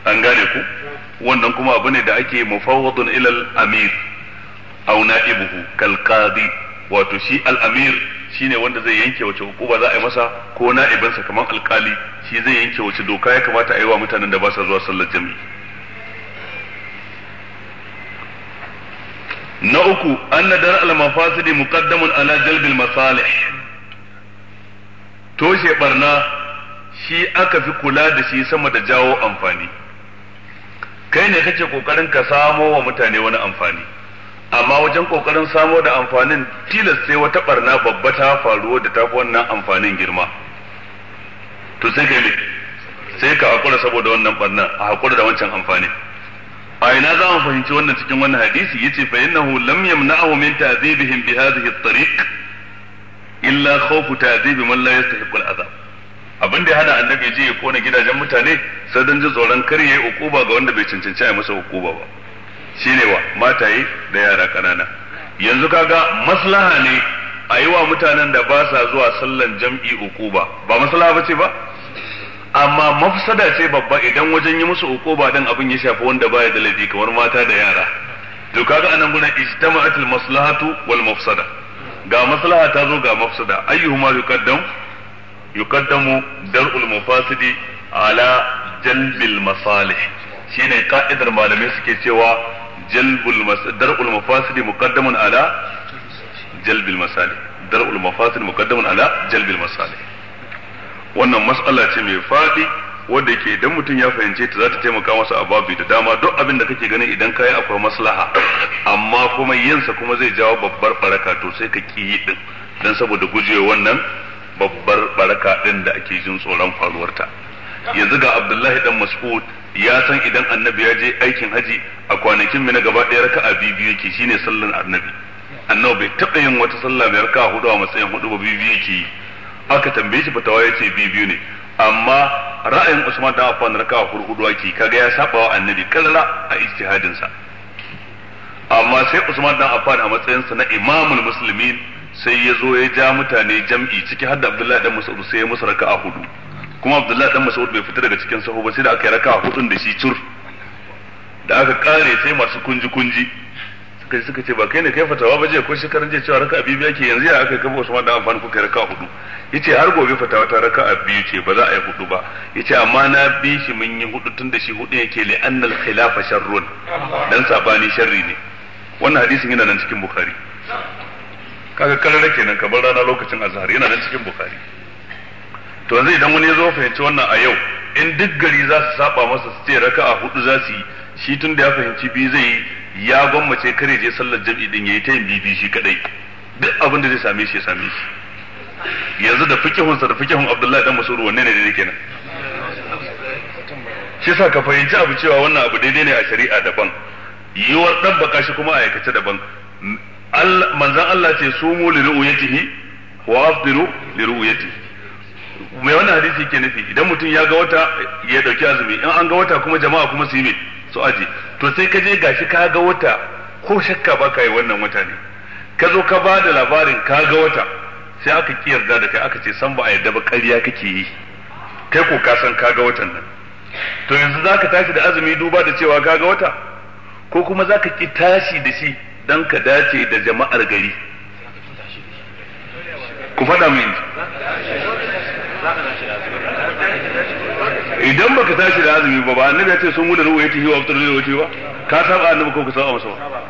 an gane ku wannan kuma abu ne da ake mufawwadun ilal amir au na'ibuhu kal qadi wato shi al-amir shine wanda zai yanke wace hukuma za a yi masa ko na'ibansa kamar alkali shi zai yanke wace doka ya kamata a yi wa mutanen da ba sa zuwa sallar jami'i na uku anna dar al-mafasidi muqaddamun ala jalbil masalih toshe barna shi aka fi kula da shi sama da jawo amfani kai ne kake kokarin ka samo wa mutane wani amfani amma wajen kokarin samo da amfanin tilas sai wata barna babba ta faruwa da tafi wannan amfanin girma to sai ka sai ka hakura saboda wannan barna a hakura da wancan amfani a ina za mu fahimci wannan cikin wannan hadisi yace fa innahu lam yamna'ahu min ta'dibihim bi hadhihi at-tariq illa khawfu ta'dhib man la yastahiqu al-'adab abin da ya hana annabi je ya kona gidajen mutane sai dan ji tsoron kar yayi ukuba ga wanda bai cancanci a masa ukuba ba shine wa mataye da yara kanana yanzu kaga maslaha ne a yi wa mutanen da ba sa zuwa sallan jam'i uku ba ba maslaha ce ba amma mafsada ce babba idan wajen yi musu uku ba dan abin ya shafi wanda baya da laifi kamar mata da yara to kaga anan guna ijtama'at maslahatu wal mafsada ga maslaha ta zo ga mafsada ayyuhuma yuqaddam yuqaddamu dar'ul mufasidi ala jalbil masalih shine ka'idar malamai suke cewa jalbul درء المفاسد مقدم ala جلب masalih درء المفاسد مقدم ala جلب masalih wannan mas'ala ce mai faɗi wanda yake idan mutum ya fahimce ta zata taimaka masa a babu da dama duk abin da kake ganin idan kayi akwai maslaha amma kuma yinsa kuma zai jawo babbar baraka to sai ka ki yi din dan saboda gujewa wannan babbar baraka din da ake jin tsoron faruwarta yanzu ga Abdullahi dan Mas'ud ya san idan annabi ya je aikin haji a kwanakin mina gaba ɗaya a biyu yake shine sallan annabi annabi bai taɓa yin wata sallah mai raka hudu a matsayin hudu ba biyu yake yi aka tambaye shi fatawa ya ce biyu ne amma ra'ayin Usman dan Affan raka hudu ake kaga ya saba wa annabi kallala a ijtihadin sa amma sai Usman dan Affan a matsayinsa na imamul muslimin sai ya zo ya ja mutane jam'i ciki har da Abdullahi dan Mas'ud sai ya musu raka'a hudu kuma abdullahi dan mas'ud bai fita daga cikin sahu ba sai da aka yi raka hudun da shi cur da aka kare sai masu kunji kunji suka suka ce ba kai ne kai fatawa ba je ko shekaran je cewa raka biyu ake yanzu ya aka kafa Usman dan amfani kuka raka hudu yace har gobe fatawa ta raka biyu ce ba za a yi hudu ba yace amma na bi shi mun yi hudu tun da shi hudu yake li annal khilafa sharrun dan sabani sharri ne wannan hadisin yana nan cikin bukhari kaga karara kenan kamar rana lokacin azhar yana nan cikin bukhari to yanzu idan wani ya zo fahimci wannan a yau in duk gari za su saba masa su ce raka'a hudu za su yi shi tun da ya fahimci biyu zai yi ya gwammace kare je sallar jam'i din yayi ta yin bibi shi kadai duk abin da zai same shi ya same shi yanzu da fikihunsa da fikihun Abdullahi dan Mas'ud wanne ne da yake nan shi sa ka fahimci abu cewa wannan abu daidai ne a shari'a daban yiwuwar dan baka shi kuma a aikace daban manzon Allah ce sumu li ru'yatihi wa afdiru li ru'yatihi mai wannan hadisi yake nufi idan mutum ya ga wata ya dauki azumi in an ga wata kuma jama'a kuma su yi mai su aji to sai ka je gashi ka ga wata ko shakka ba ka yi wannan wata ne ka zo ka ba da labarin ka ga wata sai aka ki yarda da kai aka ce san ba a yarda ba ƙarya kake yi kai ko ka san ka ga watan nan to yanzu za ka tashi da azumi duba da cewa ka ga wata ko kuma za ka ki tashi da shi dan ka dace da jama'ar gari ku faɗa min idan baka tashi da azumi ba ba annabi ya ce sun wuda ruwa tihi wa aftar da tihi ba ka saba annabi ko ka saba masa ba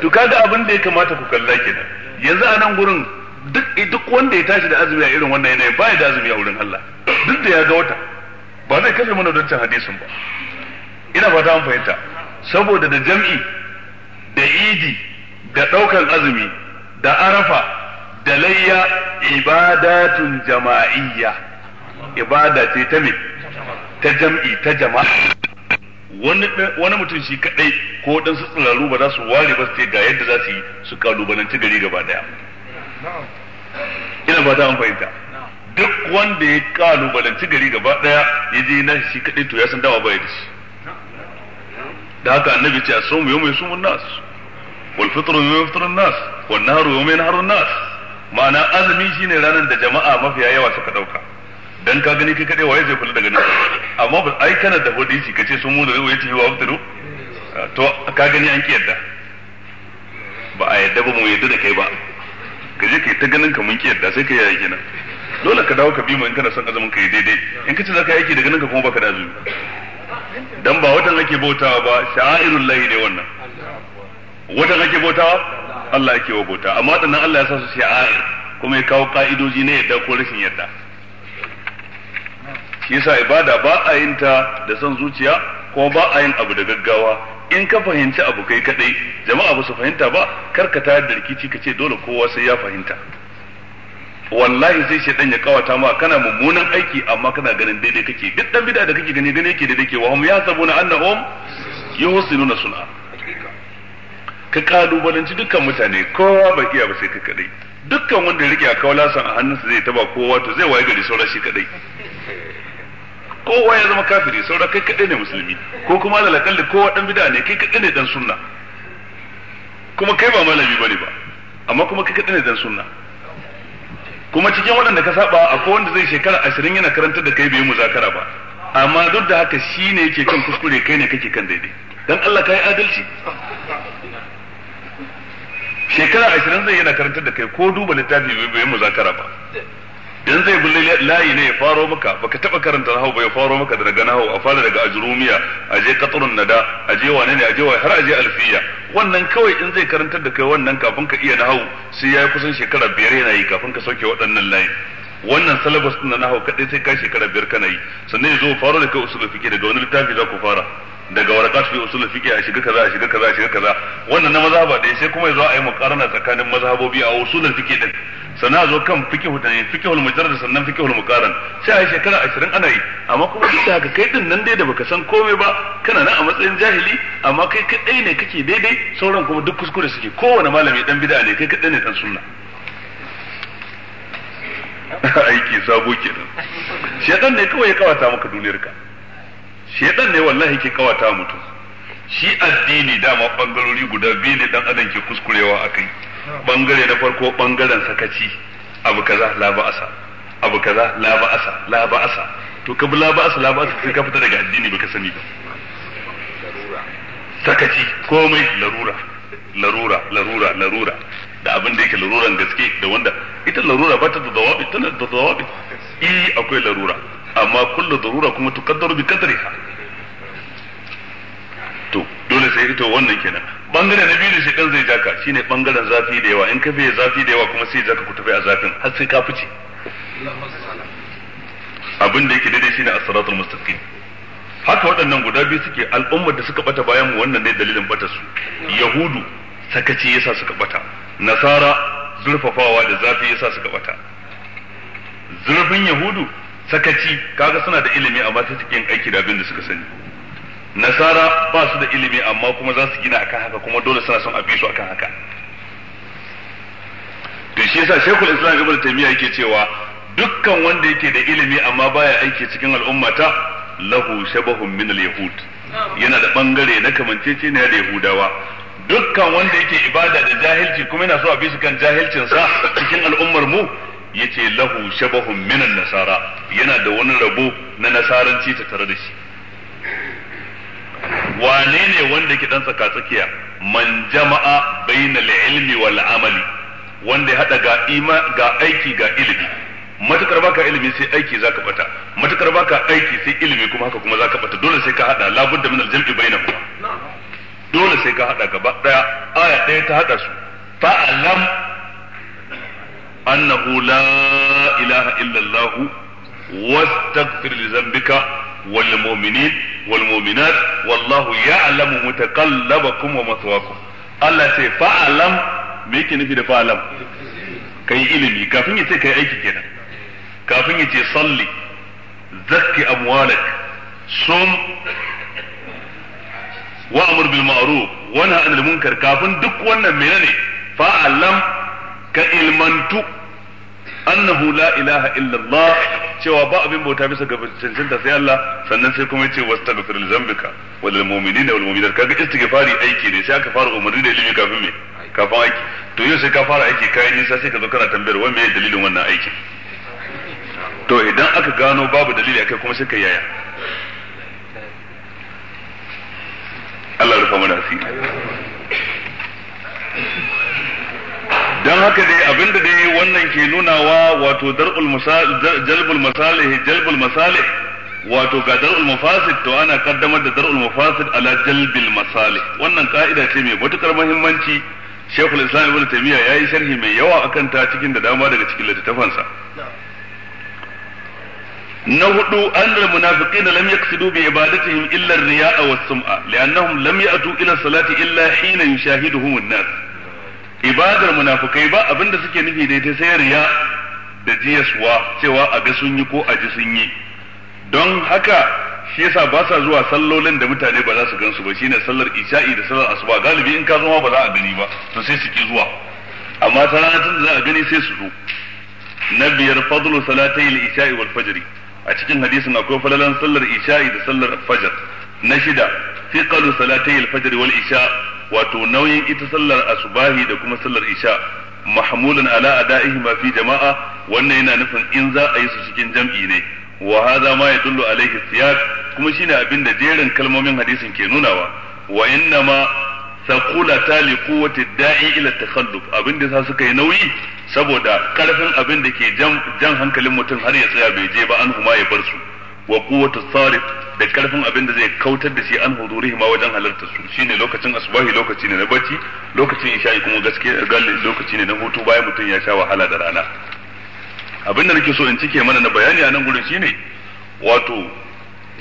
to kaga abin da ya kamata ku kalla kenan yanzu a nan gurin duk duk wanda ya tashi da azumi a irin wannan yanayin ba ya da azumi a wurin Allah duk da ya ga wata ba zai kashe mana don hadisin ba ina fata an fahimta saboda da jam'i da idi da ɗaukan azumi da arafa dalayya ibadatun jama'iyya ibada ce ta me ta jam'i ta jama'a wani mutum shi kadai ko dan su tsiraru ba za su ware ba sai ga yadda za su yi su kalubalanci gari gaba daya ina fata an fahimta duk wanda ya kalubalanci gari gaba daya ya je na shi kadai to ya san dawa ba da dace da haka annabi ce a mu yau mai sumun nas wal fitru yau mai nas wan naru yau mai naharun nas ma'ana azumi shine ranar da jama'a mafiya yawa suka dauka dan ka gani kai kadai waye zai kula da gani amma ba ai kana da hadisi kace sun mu da zai yace wa aftaru ah, to ka gani an ki yadda ba a yadda ba mu yadda da kai ba ka je kai ta ganin ka mun ki yadda sai ka aiki kenan dole ka dawo ka bi mu in kana son azumin ka yi daidai in kace zaka yi aiki da ganin ka kuma baka da azumi dan ba watan ake bautawa ba sha'airul lahi ne wannan watan ake bautawa Allah yake wa bauta amma waɗannan Allah ya sa su shi'a'ir kuma ya kawo ka'idoji na yadda ko rashin yadda shi yasa ibada ba a yin ta da son zuciya ko ba a yin abu da gaggawa in ka fahimci abu kai kaɗai jama'a ba su fahimta ba kar ka tayar da rikici ka ce dole kowa sai ya fahimta wallahi sai dan ya kawata ma kana mummunan aiki amma kana ganin daidai kake duk dan bid'a da kake gani gane yake daidai ke wa hum yasabuna annahum yuhsinuna sun'a ka kalubalanci dukkan mutane kowa ba iya ba sai ka kadai dukkan wanda ya rike a lasan a hannunsa zai taba kowa to zai waye gari saura shi kadai kowa ya zama kafiri saura kai kadai ne musulmi ko kuma da lakalli kowa dan bid'a ne kai kadai ne dan sunna kuma kai ba malami bane ba amma kuma kai kadai ne dan sunna kuma cikin waɗanda ka saba akwai wanda zai shekara ashirin yana karantar da kai bai muzakara ba amma duk da haka shi ne yake kan kuskure kai ne kake kan daidai dan Allah ka yi adalci shekara ashirin zai yana karantar da kai ko duba littafi bai bai muzakara ba idan zai bi layi ne ya faro maka baka taba karanta nahau ba ya faro maka daga nahau a fara daga ajrumiya a je qatrun nada a je wane ne a je har a je alfiya wannan kawai in zai karantar da kai wannan kafin ka iya nahau sai ya kusan shekara biyar yana yi kafin ka sauke waɗannan layi wannan syllabus din na nahau kadai sai ka shekara biyar kana yi sannan ya zo faro da kai usul fiqh daga wani littafi za ku fara daga warakat fi usul fiqh a shiga kaza a shiga kaza a shiga kaza wannan na mazhaba dai sai kuma yazo a yi muqarana tsakanin mazhabobi a usul fiqh din sannan zo kan fiqh da ne fiqh mujarrad sannan fiqh muqaran sai a yi shekara 20 ana yi amma kuma duk da haka kai din nan dai da baka san komai ba kana nan a matsayin jahili amma kai kadai ne kake daidai sauran kuma duk kuskure suke kowane malami dan bid'a ne kai kadai ne dan sunna aiki sabo kenan shedan ne kawai ya kawata maka duniyarka shedan ne wallahi ke kawata mutum shi addini dama bangarori guda biyu ne dan adam ke kuskurewa akai bangare na farko bangaren sakaci abu kaza la ba'asa abu kaza la ba'asa la ba'asa to ka la ba'asa la ba'asa sai ka fita daga addini baka sani ba sakaci komai larura larura larura larura da abin da yake laruran gaske da wanda ita larura ba ta da zawabi tana da zawabi eh akwai larura amma kullu darura kuma tuqaddaru bi qadriha to dole sai ita wannan kenan bangare na biyu da shi dan zai jaka shine bangaren zafi da yawa in ka fi zafi da yawa kuma sai jaka ku tafi a zafin har sai ka fice abin da yake daidai shine as-siratul mustaqim haka waɗannan guda biyu suke al'ummar da suka bata bayan mu wannan ne dalilin bata su yahudu sakaci yasa suka bata nasara zurfafawa da zafi yasa suka bata zurfin yahudu sakaci kaga suna da ilimi amma sai suke yin aiki da abin da suka sani nasara ba su da ilimi amma kuma za su gina akan haka kuma dole suna son a bi su akan haka to shi yasa shekul islam ibn taymiya yake cewa dukkan wanda yake da ilimi amma baya aiki cikin al'ummata lahu shabahun min al-yahud yana da bangare na kamanceceniya da yahudawa dukkan wanda yake ibada da jahilci kuma yana so a bi su kan jahilcin sa cikin al'ummar mu yace lahu shabahun minan nasara yana da wani rabo na nasaranci ta tare da shi wane ne wanda yake dan tsaka tsakiya man jama'a bainal ilmi wal amali wanda ya hada ga ima ga aiki ga ilimi matukar baka ilimi sai aiki zaka bata matukar baka aiki sai ilimi kuma haka kuma zaka bata dole sai ka hada labudda min aljam'i bainahuma dole sai ka hada gaba daya aya daya ta hada su alam. annahu la ilaha illallah wastaghfir li dhanbika wal mu'minin wal mu'minat wallahu ya'lamu wa mathwakum Allah ce fa'alam me yake nufi da fa'alam kai ilimi kafin ya ce kai aiki kenan kafin ya ce salli zakki amwalak sum wa amur bil ma'ruf wa nahy anil munkar kafin duk wannan menene fa'alam ka ilmantu annahu la ilaha illallah cewa ba abin bauta bisa ga cancanta sai Allah sannan sai kuma yace wastaghfir li zambika wal mu'minina wal mu'minat kaga istighfari aiki ne sai aka fara umarni da ilimi kafin me kafin aiki to yau sai ka fara aiki kayan nisa sai ka zo kana tambayar wai me dalilin wannan aikin to idan aka gano babu dalili akai kuma sai ka yaya Allah ya rufa mana asiri don haka dai abinda dai wannan ke nunawa wato jalbul masalih jalbul masalih wato ga dar'ul mafasid to ana kaddamar da dar'ul mafasid ala jalbil masalih wannan ka'ida ce mai matukar muhimmanci Sheikhul Islam Ibn ya yi sharhi mai yawa akan ta cikin da dama daga cikin littattafansa. na hudu annal munafiqin lam yaqsidu bi ibadatihim illa ar-riya'a was-sum'a li'annahum lam ya'tu ila salati illa hina yushahiduhum an-nas ibadar munafukai ba abinda suke nufi da ita sayar riya da jiyaswa cewa a ga sun yi ko a ji sun yi don haka shi yasa ba sa zuwa sallolin da mutane ba za su gansu ba shine sallar isha'i da sallar asuba galibi in ka zama ba za a gani ba to sai su ki zuwa amma ta ranar da za a gani sai su zo na biyar fadlu salatayil isha'i wal fajr a cikin hadisin akwai falalan sallar isha'i da sallar fajr na shida fiqalu salatai al-fajr wal isha wato nauyin ita sallar asubahi da kuma sallar isha mahmulun ala ada'ihima fi jama'a wannan yana nufin in za a yi su cikin jam'i ne wa hadha ma yadullu alayhi siyaq kuma shine abin da jerin kalmomin hadisin ke nunawa wa innama saqulata li quwwati da'i ila takhalluf abin da suka yi nauyi saboda karfin abin da ke jan hankalin mutum har ya tsaya bai je ba an huma ya bar su wa quwwatu sarif da karfin abin da zai kautar da shi an huzurihi ma wajen halartar su shine lokacin asbahi lokaci ne na bacci lokacin isha kuma gaskiya galli lokaci ne na hutu bayan mutum ya sha wahala da rana abin da nake so in cike mana na bayani a nan gurin shine wato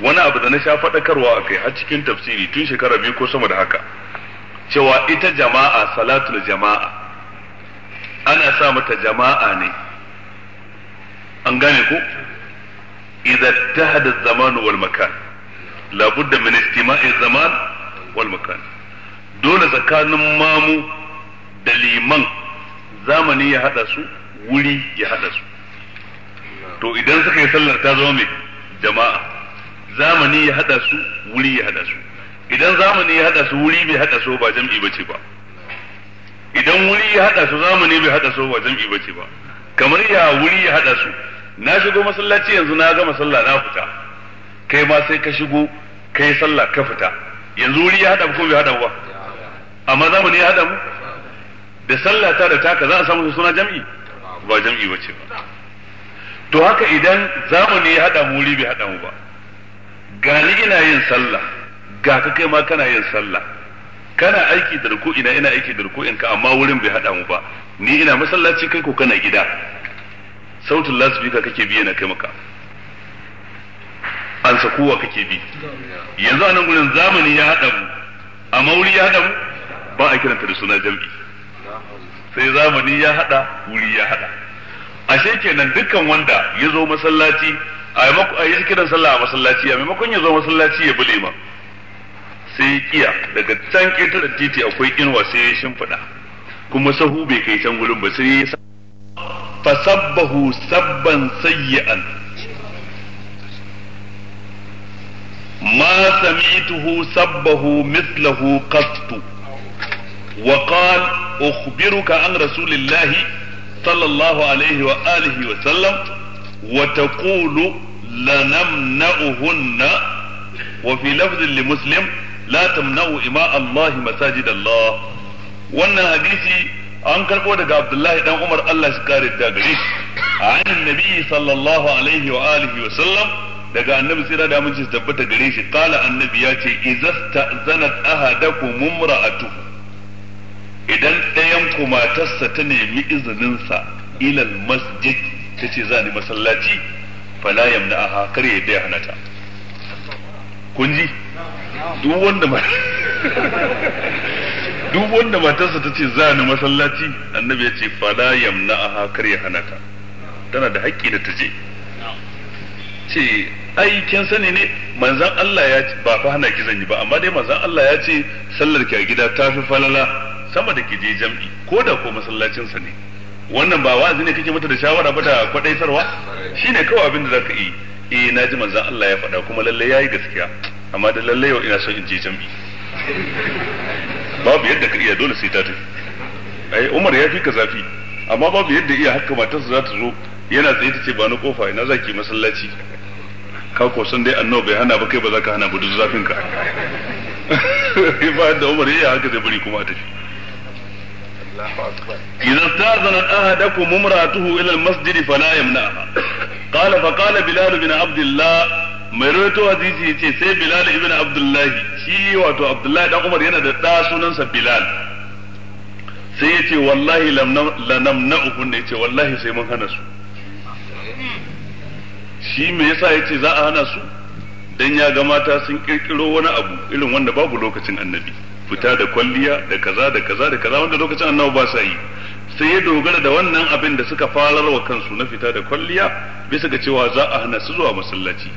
wani abu da na sha fadakarwa a kai har cikin tafsiri tun shekara biyu ko sama da haka cewa ita jama'a salatul jama'a ana sa mata jama'a ne an gane ko idza tahada az-zaman wal makan la budda min istima'i zaman wal makan dole tsakanin mamu da liman zamani ya hada su wuri ya hada su to idan suka yi sallar ta zama mai jama'a zamani ya hada su wuri ya hada su idan zamani ya hada su wuri bai hada su ba jam'i ce ba idan wuri ya hada su zamani bai hada su ba jam'i ce ba kamar ya wuri ya hada su na shigo masallaci yanzu na gama sallah na fita kai ma sai ka shigo kai sallah ka fita yanzu wuri ya hada ko bai hada ba amma zamani ya hada mu da sallah ta da taka za a samu suna jam'i ba jam'i bace ba to haka idan zamani ya hada mu wuri bai hada mu ba ga ni ina yin sallah ga ka kai ma kana yin sallah kana aiki da ruku'ina ina aiki da in ka amma wurin bai hada mu ba ni ina masallaci kai ko kana gida sautin lasfika kake bi na kai maka an sakuwa kake bi yanzu a nan gudun zamani ya haɗa mu a mauri ya haɗa mu ba a kiranta da suna jam'i sai zamani ya haɗa wuri ya haɗa ashe kenan dukkan wanda ya zo masallaci a yi kiran sallah a masallaci a maimakon ya zo masallaci ya bule ma sai kiya daga can ƙetare titi akwai inuwa sai ya shimfiɗa kuma sahu bai kai can gudun ba sai ya فسبه سبا سيئا ما سمعته سبه مثله قط وقال أخبرك عن رسول الله صلى الله عليه وآله وسلم وتقول لنمنعهن وفي لفظ لمسلم لا تمنعوا إماء الله مساجد الله وان حديثي an karbo daga abdullahi dan umar Allah shi kare da gare an nabi sallallahu alaihi wa alihi wa sallam daga annabi sai da mun ci tabbata gare shi kala annabi ya ce izasta'zanat ahadakum mumra'atu idan ɗayan ku matarsa ta nemi izinin sa ilal masjid tace za ni masallaci fala aha kar ya da hana ta kun ji duk wanda duk wanda matarsa ta ce za ni masallaci annabi ya ce fala yamna aha kar ya hana ta tana da haƙƙi da ta je ce ai kin sani ne manzon Allah ya ce ba fa hana ki zanyi ba amma dai manzon Allah ya ce sallar ki a gida ta fi falala sama da ki je jam'i ko da ko masallacin sa ne wannan ba wa'azi ne kake mata da shawara ba da kwadaitarwa shine kawai abin da zaka yi eh naji manzan Allah ya faɗa kuma lalle yayi gaskiya amma da lalle yau ina son in je jam'i babu yadda ka iya dole sai ta tafi ai Umar ya fi ka zafi amma babu yadda iya haka matarsa za ta zo yana tsaye ta ce ba na kofa ina ki masallaci ka ko san dai annabi bai hana ba kai ba za ka hana ba duk zafin ka ba da Umar ya haka zai bari kuma a tafi إذا استأذنت أحدكم امرأته إلى المسجد فلا يمنعها قال فقال بلال بن عبد الله mai rawaito hadisi yace sai Bilal ibn Abdullah shi wato Abdullah dan Umar yana da da sunansa Bilal sai yace wallahi lanamna'uhu ne yace wallahi sai mun hana su shi me yasa yace za a hana su dan ya ga mata sun kirkiro wani abu irin wanda babu lokacin annabi fita da kwalliya da kaza da kaza da kaza wanda lokacin annabi ba sa yi sai ya dogara da wannan abin da suka farar wa kansu na fita da kwalliya bisa ga cewa za a hana su zuwa masallaci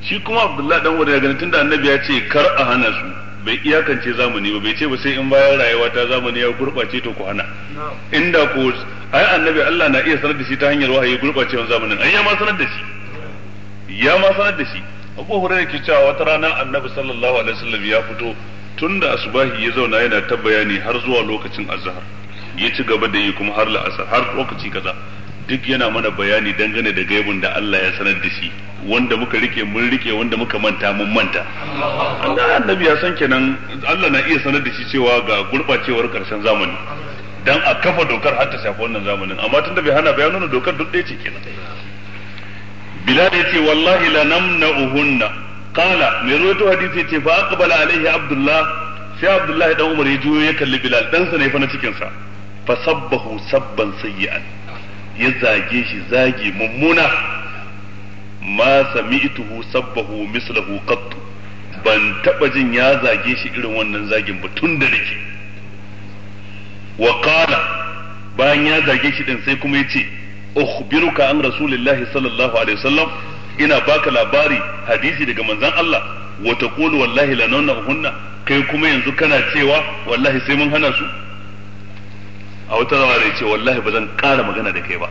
shi kuma abdullahi dan wani ya gani tunda annabi ya ce kar a hana su bai iyakance zamani ba bai ce ba sai in bayan rayuwa ta zamani ya gurɓace to ku hana inda ko ai annabi Allah na iya sanar da shi ta hanyar wahayi gurɓacewan zamanin ai ya ma sanar da shi ya ma sanar da shi abu hurairah yake cewa wata rana annabi sallallahu alaihi wasallam ya fito tun da asubahi ya zauna yana ta bayani har zuwa lokacin azhar ya ci gaba da yi kuma har la'asar har lokaci kaza duk yana mana bayani dangane da gaibun da Allah ya sanar da shi wanda muka rike mun rike wanda muka manta mun manta Allah annabi ya san kenan Allah na iya sanar da shi cewa ga gurbacewar karshen zamani dan a kafa dokar har ta shafi wannan zamanin amma tunda bai hana bayanan dokar duk ɗaya ce kenan Bilal ya ce wallahi la namna'uhunna qala mai rawaito hadisi ce fa aqbala alaihi Abdullah sai Abdullah dan Umar ya juyo ya kalli Bilal dan sa ne fa na cikin sa fa sabbahu sabban sayyi'an ya zage shi zage mummuna ma sami'tuhu sabbahu mislahu qattu ban taba jin ya zage shi irin wannan zagin ba tun da nake wa qala bayan ya zage shi din sai kuma yace ukhbiruka an rasulillahi sallallahu alaihi wasallam ina baka labari hadisi daga manzon Allah wa taqulu wallahi hunna kai kuma yanzu kana cewa wallahi sai mun hana su a wata rawa da ya ce wallahi ba zan ƙara magana da kai ba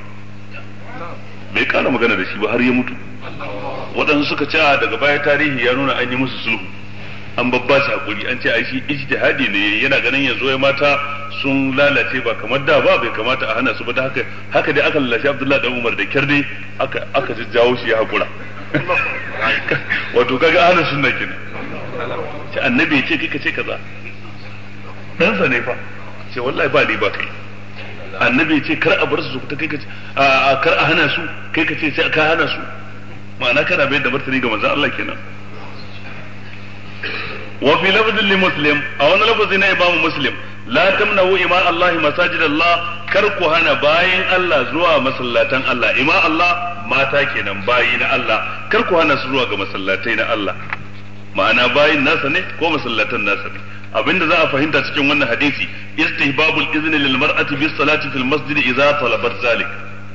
bai ƙara magana da shi ba har ya mutu waɗansu suka ce a daga baya tarihi ya nuna an yi musu sulhu an babba shi hakuri an ce a shi ijtihadi ne yana ganin yanzu ya mata sun lalace ba kamar da ba bai kamata a hana su ba da haka haka dai aka lalace Abdullahi dan Umar da kyar dai aka aka jawo shi ya hakura wato kaga ahlus sunna kenan ce annabi ya ce kika ce kaza dan sa ne fa ce wallahi ba ni ba kai annabi ya ce kar a bar su su kai ka ce a kar a hana su kai ka ce sai ka hana su ma'ana kana bai da martani ga manzon Allah kenan wa fi lafzin li muslim a wani lafzi na imam muslim la tamnahu ima Allah masajid Allah kar ku hana bayin Allah zuwa masallatan Allah ima Allah mata kenan bayi na Allah kar ku hana su zuwa ga masallatai na Allah ma'ana bayin nasa ne ko masallatan nasa ne abinda za a fahimta cikin wannan hadisi istihbabul izni lil mar'ati bis salati fil masjid idza talabat zalik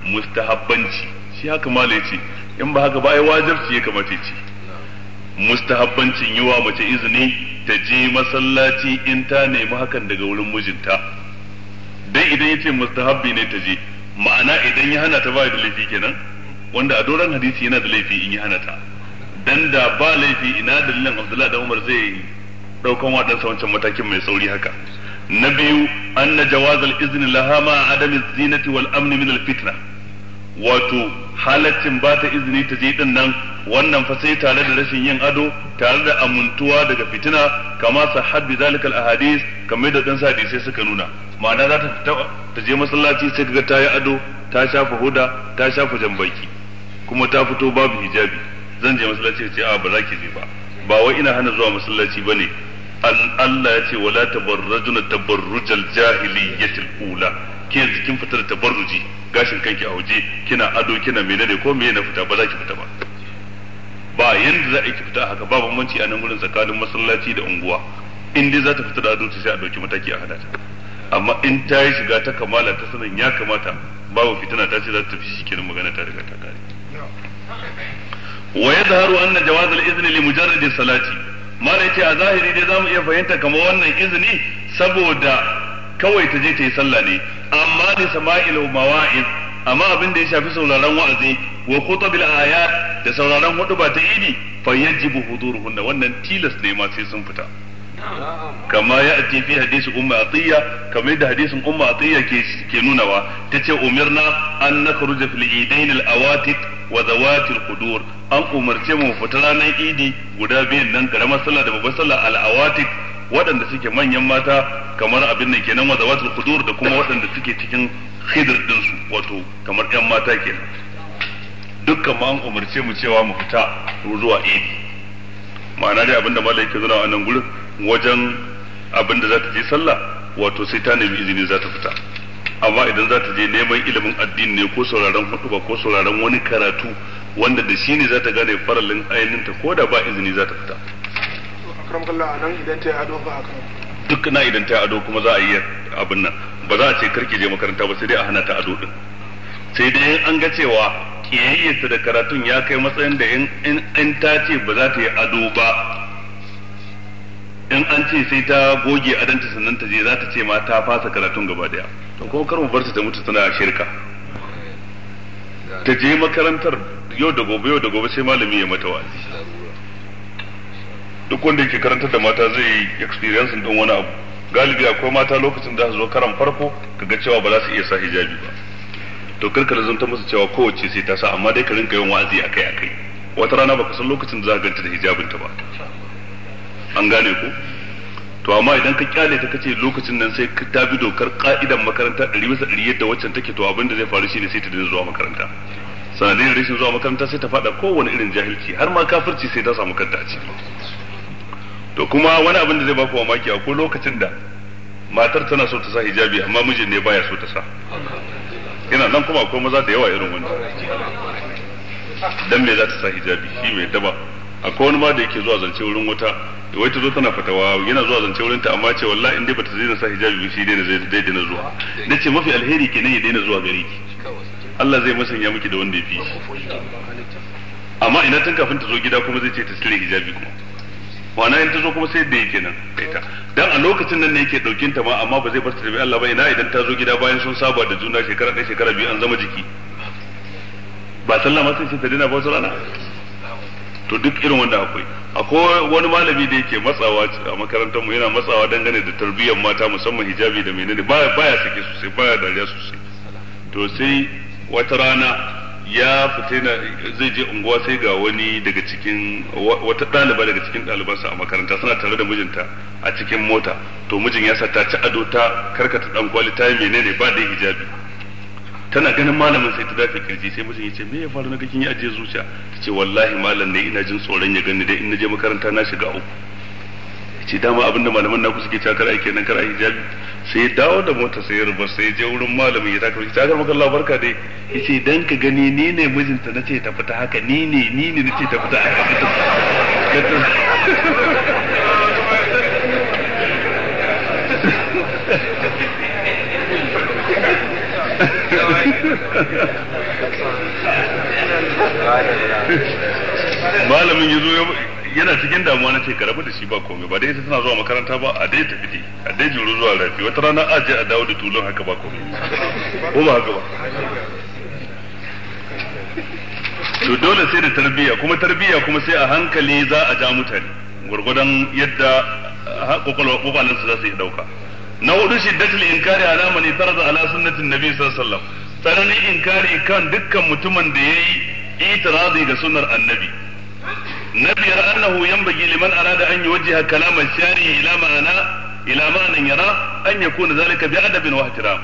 mustahabbanci shi haka malai yace in ba haka ba ai wajibi ya kamata ce. mustahabbancin yiwa mace izini ta je masallaci in ta nemi hakan daga wurin mijinta dan idan yace mustahabbi ne ta je ma'ana idan ya hana ta ba da laifi kenan wanda a doran hadisi yana da laifi in ya hana ta dan da ba laifi ina dalilin Abdullahi da Umar zai daukan waɗansa wancan matakin mai tsauri haka na biyu anna jawazal izni laha ma adami zinati wal amni min al fitna wato halaccin ba ta izini ta je din nan wannan fa sai tare da rashin yin ado tare da amintuwa daga fitina kama sahabbi zalikal ahadis kamar da dan sai suka nuna ma'ana za ta ta je masallaci sai kaga ta yi ado ta shafa huda ta shafa jambaki kuma ta fito babu hijabi zan je masallaci ce a ba za ki je ba ba wai ina hana zuwa masallaci bane Allah ya ce wa wala tabarrajuna tabarrujal jahiliyyatil ula ke jikin fitar tabarruji gashin kanki a waje kina ado kina menene ko meye na fita ba za ki fita ba ba yanda za a yi ki fita haka ba bambanci a nan gurin tsakanin masallaci da unguwa in dai za ta fita da ado ta sai a dauki mataki a hada ta amma in ta yi shiga ta kamala ta sanin ya kamata babu fitina ta ce za ta tafi shi kenan magana ta riga ta kare wa yadharu anna jawaz al-izni li mujarradi salati mala ce a zahiri dai zamu iya fahimta kamar wannan izini saboda kawai ta je ta yi sallah ne amma da sama'il mawa'iz amma abin da ya shafi sauraron wa'azi wa khutbil ayat da sauraron hudu ba ta idi fa yajibu huduruhunna wannan tilas ne ma sai sun fita kama ya ati fi hadisi umma atiya kamar da hadisin umma atiya ke ke nunawa tace umirna an nakhruja fil idain al awatik wa zawatil qudur an umarce mu fita ranar idi guda biyan nan karamar sallah da babbar sallah al awatik waɗanda suke manyan mata kamar abin da kenan wa zawatul qudur da kuma waɗanda suke cikin khidr din su wato kamar yan mata kenan dukkan ma an umarce mu cewa mu fita zuwa idi ma'ana dai abinda malai yake zuna a nan gurin wajen abin da za ta je sallah wato sai ta nemi izini za ta fita amma idan za ta je neman ilimin addini ne ko sauraron hutuba ko sauraron wani karatu wanda da shi ne za ta gane farallin ayaninta ko da ba izini za ta fita duk na idan ta ado kuma za a yi abin nan ba za a ce karki je makaranta ba sai dai a hana ta ado din sai dai an ga cewa kiyayyarta da karatun ya kai matsayin da in ta ce ba za ta yi ado ba in an ce sai ta goge adanta sannan ta je za ta ce ma ta fasa karatun gaba daya to ko kar mu bar ta mutu tana shirka ta je makarantar yau da gobe yau da gobe sai malami ya mata wa'azi duk wanda yake karantar da mata zai yi experience din wani abu galibi akwai mata lokacin da su zo karan farko kaga cewa ba za su iya sa hijabi ba to karka lazumta musu cewa kowace sai ta sa amma dai ka rinka yin wa'azi akai akai wata rana baka san lokacin da za ka ganta da hijabinta ba an gane ku to amma idan ka kyale ta kace lokacin nan sai ta bi dokar ka'idan makaranta ɗari bisa ɗari yadda waccan take to abin da zai faru shine sai ta daina zuwa makaranta sanadin rashin zuwa makaranta sai ta fada kowane irin jahilci har ma kafirci sai ta samu kanta a ciki to kuma wani abin da zai baku mamaki a ko lokacin da matar tana so ta sa hijabi amma mijin ne baya so ta sa ina nan kuma akwai maza da yawa irin wani dan me za ta sa hijabi shi mai daba akwai wani ma da yake zuwa zance wurin wata wai ta zo tana fatawa yana zuwa zance wurin ta amma ce wallahi in dai bata daina sa hijabi ba shi daina zai daina zuwa nace mafi alheri kenan ya daina zuwa gari ki Allah zai masanya miki da wanda ya fi amma ina tun kafin ta zo gida kuma zai ce ta sire hijabi kuma wana in ta zo kuma sai da yake nan ita dan a lokacin nan ne yake daukin ta ma amma ba zai bar ta bi Allah ba ina idan ta zo gida bayan sun saba da juna shekara ɗaya shekara biyu an zama jiki ba sallama sai ta daina ba wasu rana to duk irin wanda akwai akwai wani malami da yake matsawa a makarantar mu yana matsawa dangane da tarbiyyar mata musamman hijabi da menene baya baya sake sosai baya dariya sosai to sai wata rana ya fita na zai je unguwa sai ga wani daga cikin wata ɗaliba daga cikin ɗalibansa a makaranta suna tare da mijinta a cikin mota to mijin ya sa ta ci ado ta karkata dan kwali ta yi menene ba da hijabi tana ganin malamin sai ta dafe kirji sai mutum ya ce me ya faru na kin yi ajiye zuciya ta ce wallahi malam ne ina jin tsoron ya gani dai in na je makaranta na shiga uku ce dama abinda malaman naku suke cewa kar aiki nan kar aike jabi sai ya dawo da mota sai ya rubar sai ya je wurin malamin ya taka shi takar maka Allah barka dai yace dan ka gani ni ne mijinta na ce ta fita haka ni ne ni ne na ce ta fita haka malamin yanzu yana cikin damuwa na ce karabu da shi ba komai ba dai ita tana zuwa makaranta ba a dai tafi a dai jiro zuwa rafi wata rana a je a dawo da tulun haka ba komai ko ba haka ba to dole sai da tarbiyya kuma tarbiyya kuma sai a hankali za a ja mutane gurgudan yadda kokalansu za su yi dauka na hudu shiddatul inkari ala man tarada ala sunnatin nabi sallallahu alaihi wasallam tsananin inkari kan dukkan mutumin da ya yi itirazi ga sunar annabi na biyar annahu bagi liman arada an yuwajjiha kalaman shari ila ma'ana ila ma'anan yara an kuna zalika bi adabin wa hatira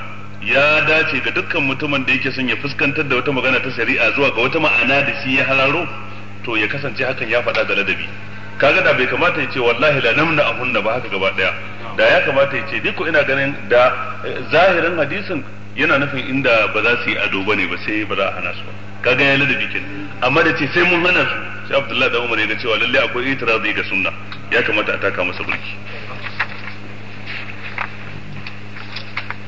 ya dace ga dukkan mutumin da yake son ya fuskantar da wata magana ta shari'a zuwa ga wata ma'ana da shi ya hararo to ya kasance hakan ya faɗa da ladabi kaga da bai kamata ya ce wallahi la namna ahunna ba haka gaba daya da ya kamata ya ce duk ina ganin da eh, zahirin hadisin yana nufin inda ba za su yi ado bane ba sai ba za a hana su kaga ya ladabi kenan amma da ce sai mun hana su sai Abdullahi da Umar ya ga cewa lalle akwai itirazi ga sunna ya kamata a taka masa burki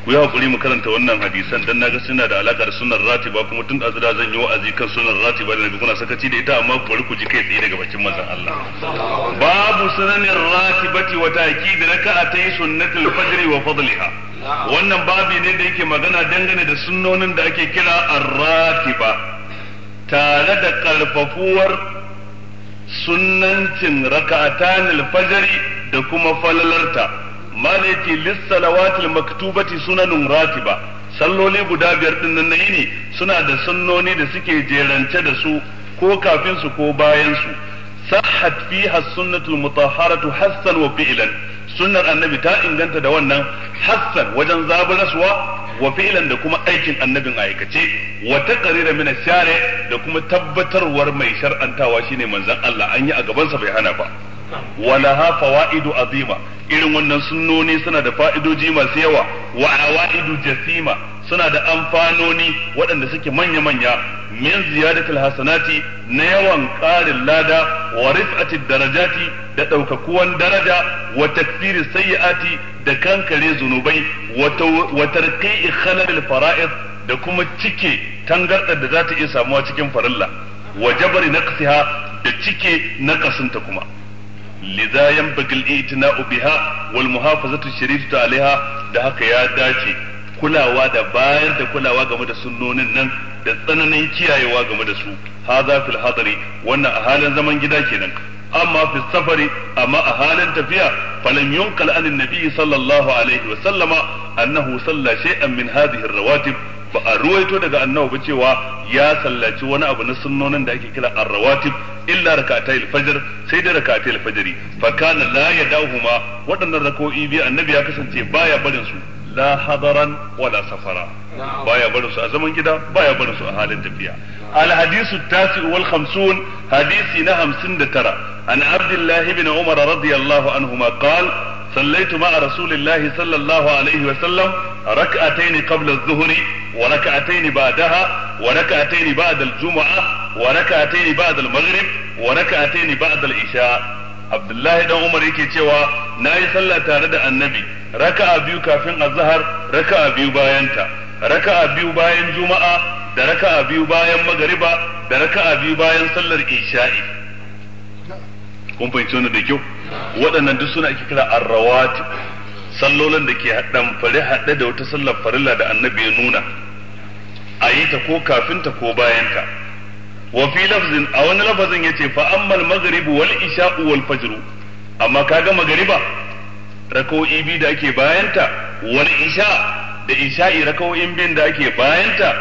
ku yi hakuri mu karanta wannan hadisan dan naga suna da alaka da sunan ratiba kuma tun azra zan yi wa'azi kan sunan ratiba da nabi kuna sakaci da ita amma bari ku ji kai tsaye daga bakin manzon Allah babu sunanin ratibati wa da raka'atai sunnatul fajri wa fadliha wannan babi ne da yake magana dangane da sunnonin da ake kira ar-ratiba tare da karfafuwar sunnancin raka'atanil fajri da kuma falalarta mana yake lissalawatil maktubati sunanun ratiba salloli guda biyar din nan na suna da sunnoni da suke jerance da su ko kafin su ko bayan su sahhat fiha sunnatul mutahharatu hassan wa fi'lan sunnar annabi ta inganta da wannan hassan wajen zaburaswa wa fi'lan da kuma aikin annabin aikace wa taqrira min ash-shari' da kuma tabbatarwar mai shar'antawa shine manzon Allah an yi a gaban sa bai hana ba walaha fawaidu azima irin wannan sunnoni suna da fa'idoji masu yawa wa awaidu jasima suna da amfanoni waɗanda suke manya-manya min ziyadatul hasanati na yawan ƙarin lada wa rif'ati darajati da ɗaukakuwan daraja wa takfiri sayyi'ati da kankare zunubai wa tarqi'i khalalil fara'id da kuma cike tangardar da zata iya samuwa cikin farilla wajabari jabari naqsiha da cike na kasunta kuma لذا ينبغي الاعتناء بها والمحافظة الشريفة عليها da haka ya dace kulawa da bayar da kulawa game da sunnonin nan da tsananin kiyayewa game da su hadha fil wannan a halin zaman gida kenan amma fi safari amma a halin tafiya falan yunqal an annabi sallallahu alaihi wa sallama annahu salla a min hadhihi ar-rawatib ba a ruwaito daga annabi ba cewa ya sallaci wani abu na sunnonin da ake kira ar-rawatib illa rak'atay al-fajr sai da rak'atay al-fajr fa kana la yadahuma waɗannan rak'o'i biyu annabi ya kasance baya barin su la hadaran wala safara baya barin su a zaman gida baya barin su a halin tafiya الحديث التاسع والخمسون حديث نهم سند ترى عن عبد الله بن عمر رضي الله عنهما قال sallaitu ma'a rasulillahi sallallahu alaihi wa sallam rak'atayn qabla adh-dhuhri wa rak'atayn ba'daha wa rak'atayn ba'da al-jum'a wa rak'atayn ba'da al-maghrib wa isha Abdullahi dan Umar yake cewa na yi sallah tare da Annabi raka'a biyu kafin azhar raka'a biyu bayanta raka'a biyu bayan juma'a da raka'a biyu bayan magariba da raka'a biyu bayan sallar isha'i kun fahimci wannan da kyau waɗannan duk suna ake kira arrawati sallolin da ke haɗan fare haɗe da wata sallar farilla da annabi ya nuna a yi ta ko kafin ta ko bayan ta wa fi lafzin a wani lafazin ce fa ammal maghrib wal isha'u wal fajr amma kaga magriba rakawo'i bi da ake bayanta wal isha da isha'i rakawo'in biyun da ake bayanta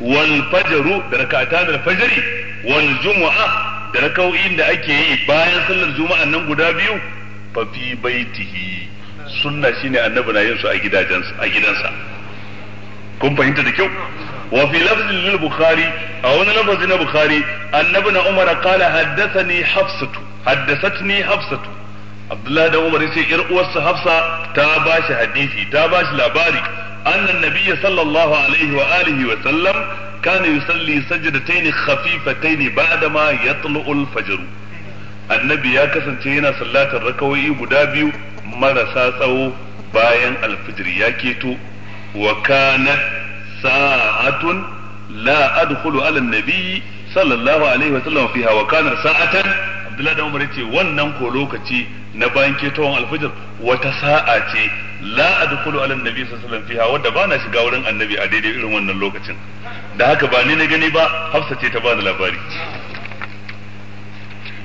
wal fajru da rakata da fajri wal jumu'a da raka'o'in da ake yi bayan sallar juma'a nan guda biyu fa fi baitihi sunna shine annabi na yin su a gidajensa a gidansa kun fahimta da kyau wa fi lafzin lil bukhari a wani lafazi na bukhari annabi na umar qala haddathani hafsatu haddathatni hafsatu abdullah da umar sai yar uwarsa hafsa ta bashi hadisi ta bashi labari annan nabiyyi sallallahu alaihi wa alihi wa sallam kana yusalli sajdatayn khafifatayn ba'da ma yatlu al-fajr annabi ya kasance yana sallatar rakawoyi guda biyu marasa tsawo bayan alfijir ya keto wa kanat sa'atun la adkhulu ala an-nabi sallallahu alaihi wa sallam fiha wa kanat sa'atan abdullahi da umar yace wannan ko lokaci na bayan ketawan alfajir wata sa'a ce la adkhulu ala annabi sallallahu alaihi wasallam fiha wadda bana shiga wurin annabi a daidai irin wannan lokacin da haka ba ni na gani ba hafsa ce ta bani labari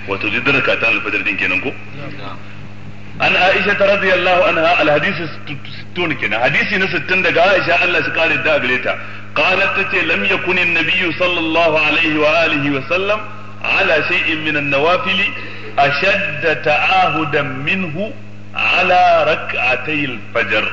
wato zai daraka ta alfajir din kenan ko an aisha ta radiyallahu anha alhadisi 60 kenan hadisi na 60 daga aisha Allah shi kare da gare ta ce tace lam yakun an sallallahu alaihi wa alihi wa sallam ala shay'in min an-nawafil ashadda ta'ahudan minhu ala rak'atay al-fajr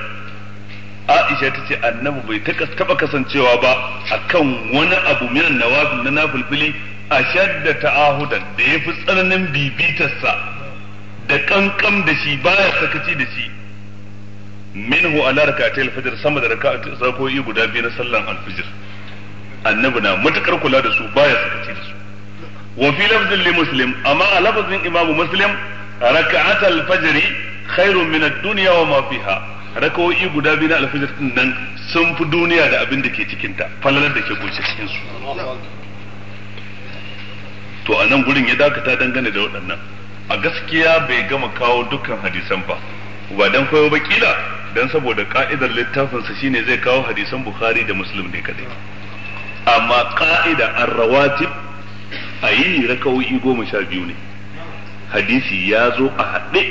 Aisha ta ce annabi bai taɓa kasancewa ba a kan wani abu minan nawafil na nafilfili ashadda ta'ahudan da ya fi tsananin bibitarsa da kankam da shi baya sakaci da shi minhu ala rak'atay al-fajr sama da rak'atay sakoyi guda biyu na sallan al annabi na matuƙar kula da su baya sakaci da su wa fi lafzin li muslim amma a lafazin imam muslim raka'at al-fajr khairun min ad-dunya wa ma fiha rakawoyi guda biyu na alfajir din nan sun fi duniya da abin da ke cikin ta falalar da ke goce cikin su to a nan gurin ya dakata dangane da waɗannan a gaskiya bai gama kawo dukkan hadisan ba ba dan koyo ba kila dan saboda ka'idar littafinsa shine zai kawo hadisan bukhari da muslim ne kadai amma ka'ida ar-rawatib a yini rakawoyi goma sha biyu ne hadisi ya zo a haɗe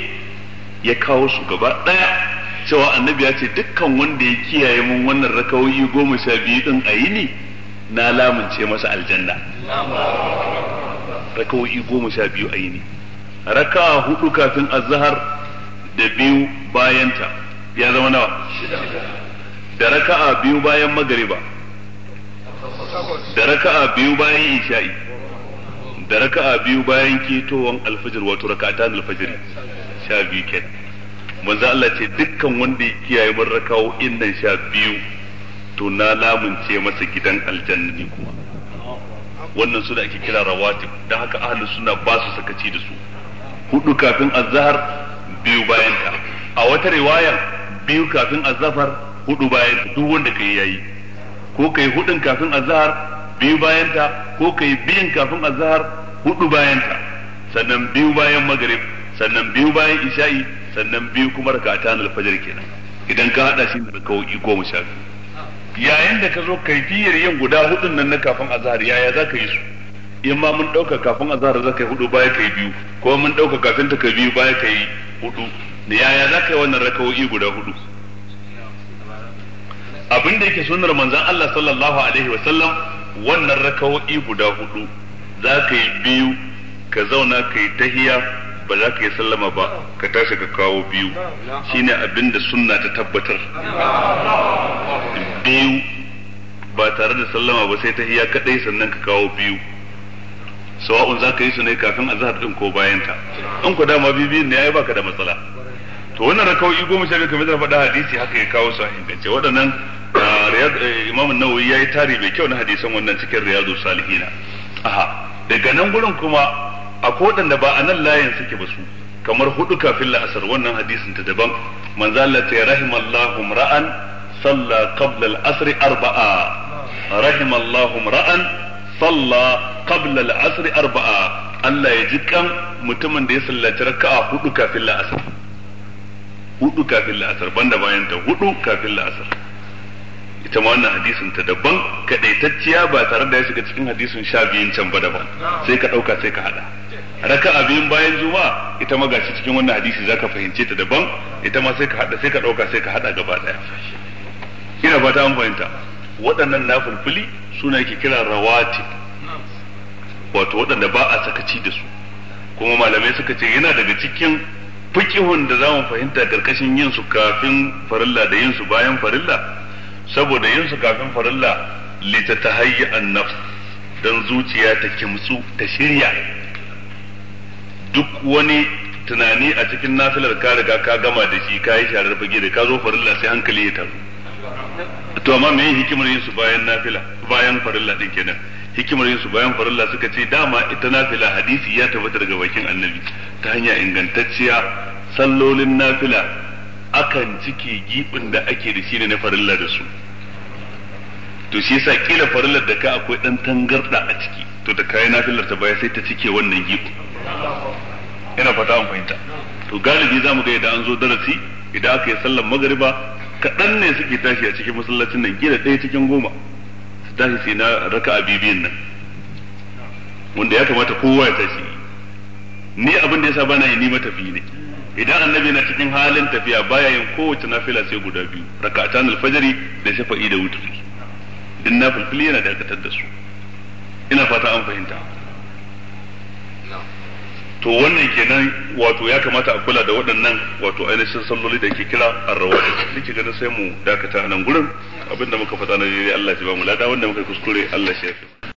ya kawo su gaba ɗaya cewa annabi ya ce dukkan wanda ya kiyaye mun wannan rakawoyi goma sha biyu din a yini na lamunce masa aljanna rakawoyi goma sha biyu a yini raka hudu kafin azhar da biyu bayanta ya zama nawa da raka'a biyu bayan magariba da raka'a biyu bayan isha'i da raka'a biyu bayan ketowan alfajir wato raka'atan alfajiri sha biyu ken manzo Allah ce dukkan wanda ya kiyaye mun rakawo innan sha biyu to na lamunce masa gidan aljanna ne kuma wannan suna ake kira rawatib dan haka ahlus sunna ba su sakaci da su hudu kafin azhar biyu bayan ta a wata riwaya biyu kafin azhar hudu bayan duk wanda kai yayi ko kai hudun kafin azhar biyu bayan ta ko kai biyan kafin azhar hudu bayan ta sannan biyu bayan magrib sannan biyu bayan isha'i sannan biyu kuma ta al-fajr kenan idan ka hada shi da kawai mu shafi. yayin da ka zo kaifiyar yin guda hudun nan na kafin azhar yaya za ka yi su in ma mun dauka kafin azhar za ka yi hudu baya kai biyu ko mun dauka kafin ta kai biyu baya kai hudu ne yaya za ka yi wannan rakawoyi guda hudu abin da yake sunnar manzon Allah sallallahu alaihi wa sallam wannan rakawoyi guda hudu za ka yi biyu ka zauna ka yi tahiya ba za ka yi sallama ba ka tashi ka kawo biyu shine abin da sunna ta tabbatar biyu ba tare da sallama ba sai tahiya kaɗai sannan ka kawo biyu sawa'un za ka yi su ne kafin a zahar din ko bayanta ta in ku dama bibiyun ne ya ba baka da matsala to wannan rakawai goma sha biyu kamar da faɗa hadisi haka ya kawo su a ingance waɗannan ah, eh, imamun nawawi ya yi tari mai kyau na hadisan wannan cikin riyadu salihina aha daga nan gurin kuma a kodan ba a nan layin suke ba su kamar hudu kafin la'asar wannan hadisin ta daban manzo Allah ta rahimallahu ra'an salla qabla al-asr arba'a rahimallahu ra'an salla qabla al-asr arba'a Allah ya ji kan mutumin da ya sallaci raka'a hudu kafin la'asar hudu kafin la'asar banda bayan ta hudu kafin la'asar ita ma wannan hadisin ta daban kadaitacciya ba tare da ya shiga cikin hadisin sha biyun can ba daban sai ka dauka sai ka hada raka biyun bayan juma ita ma gashi cikin wannan hadisi zaka fahimce ta daban ita ma sai ka hada sai ka dauka sai ka hada gaba daya ina fata an fahimta waɗannan nafulfuli suna yake kira rawatib wato waɗanda ba a sakaci da su kuma malamai suka ce yana daga cikin fikihun da zamu fahimta karkashin yin su kafin farilla da yin su bayan farilla saboda yin su kafin farilla ta an-nafs dan zuciya ta kimtsu ta shirya duk wani tunani a cikin nafilar ka riga ka gama da shi ka yi sharar fage da ka zo farilla sai hankali ya taru to amma me hikimar yin su bayan nafila bayan farilla din kenan hikimar yin su bayan farilla suka ce dama ita nafila hadisi ya tabbata daga bakin annabi ta hanya ingantacciya sallolin nafila akan cike gibin da ake da shi ne na farilla da su to shi yasa kila farillar da ka akwai dan tangarda a ciki to da kayan nafilar ta baya sai ta cike wannan gibu ina fata an fahimta to galibi za mu ga idan an zo darasi idan aka yi sallar magariba kaɗan ne suke tashi a cikin masallacin nan gida ɗaya cikin goma su tashi sai na raka a bibiyin nan wanda ya kamata kowa ya tashi ni abin da yasa bana yi ni matafi ne idan annabi na cikin halin tafiya baya yin kowace nafila sai guda biyu raka'atan alfajiri da shafa'i da wutar din nafilfili yana dakatar da su ina fata an fahimta to wannan kenan wato ya kamata a kula da waɗannan wato ainihin salloli da ke kira a arrawat nake ganin sai mu dakata a nan gurin abinda muka faɗa na daidai Allah ya ba mu lada wanda muka kuskure Allah ya yafe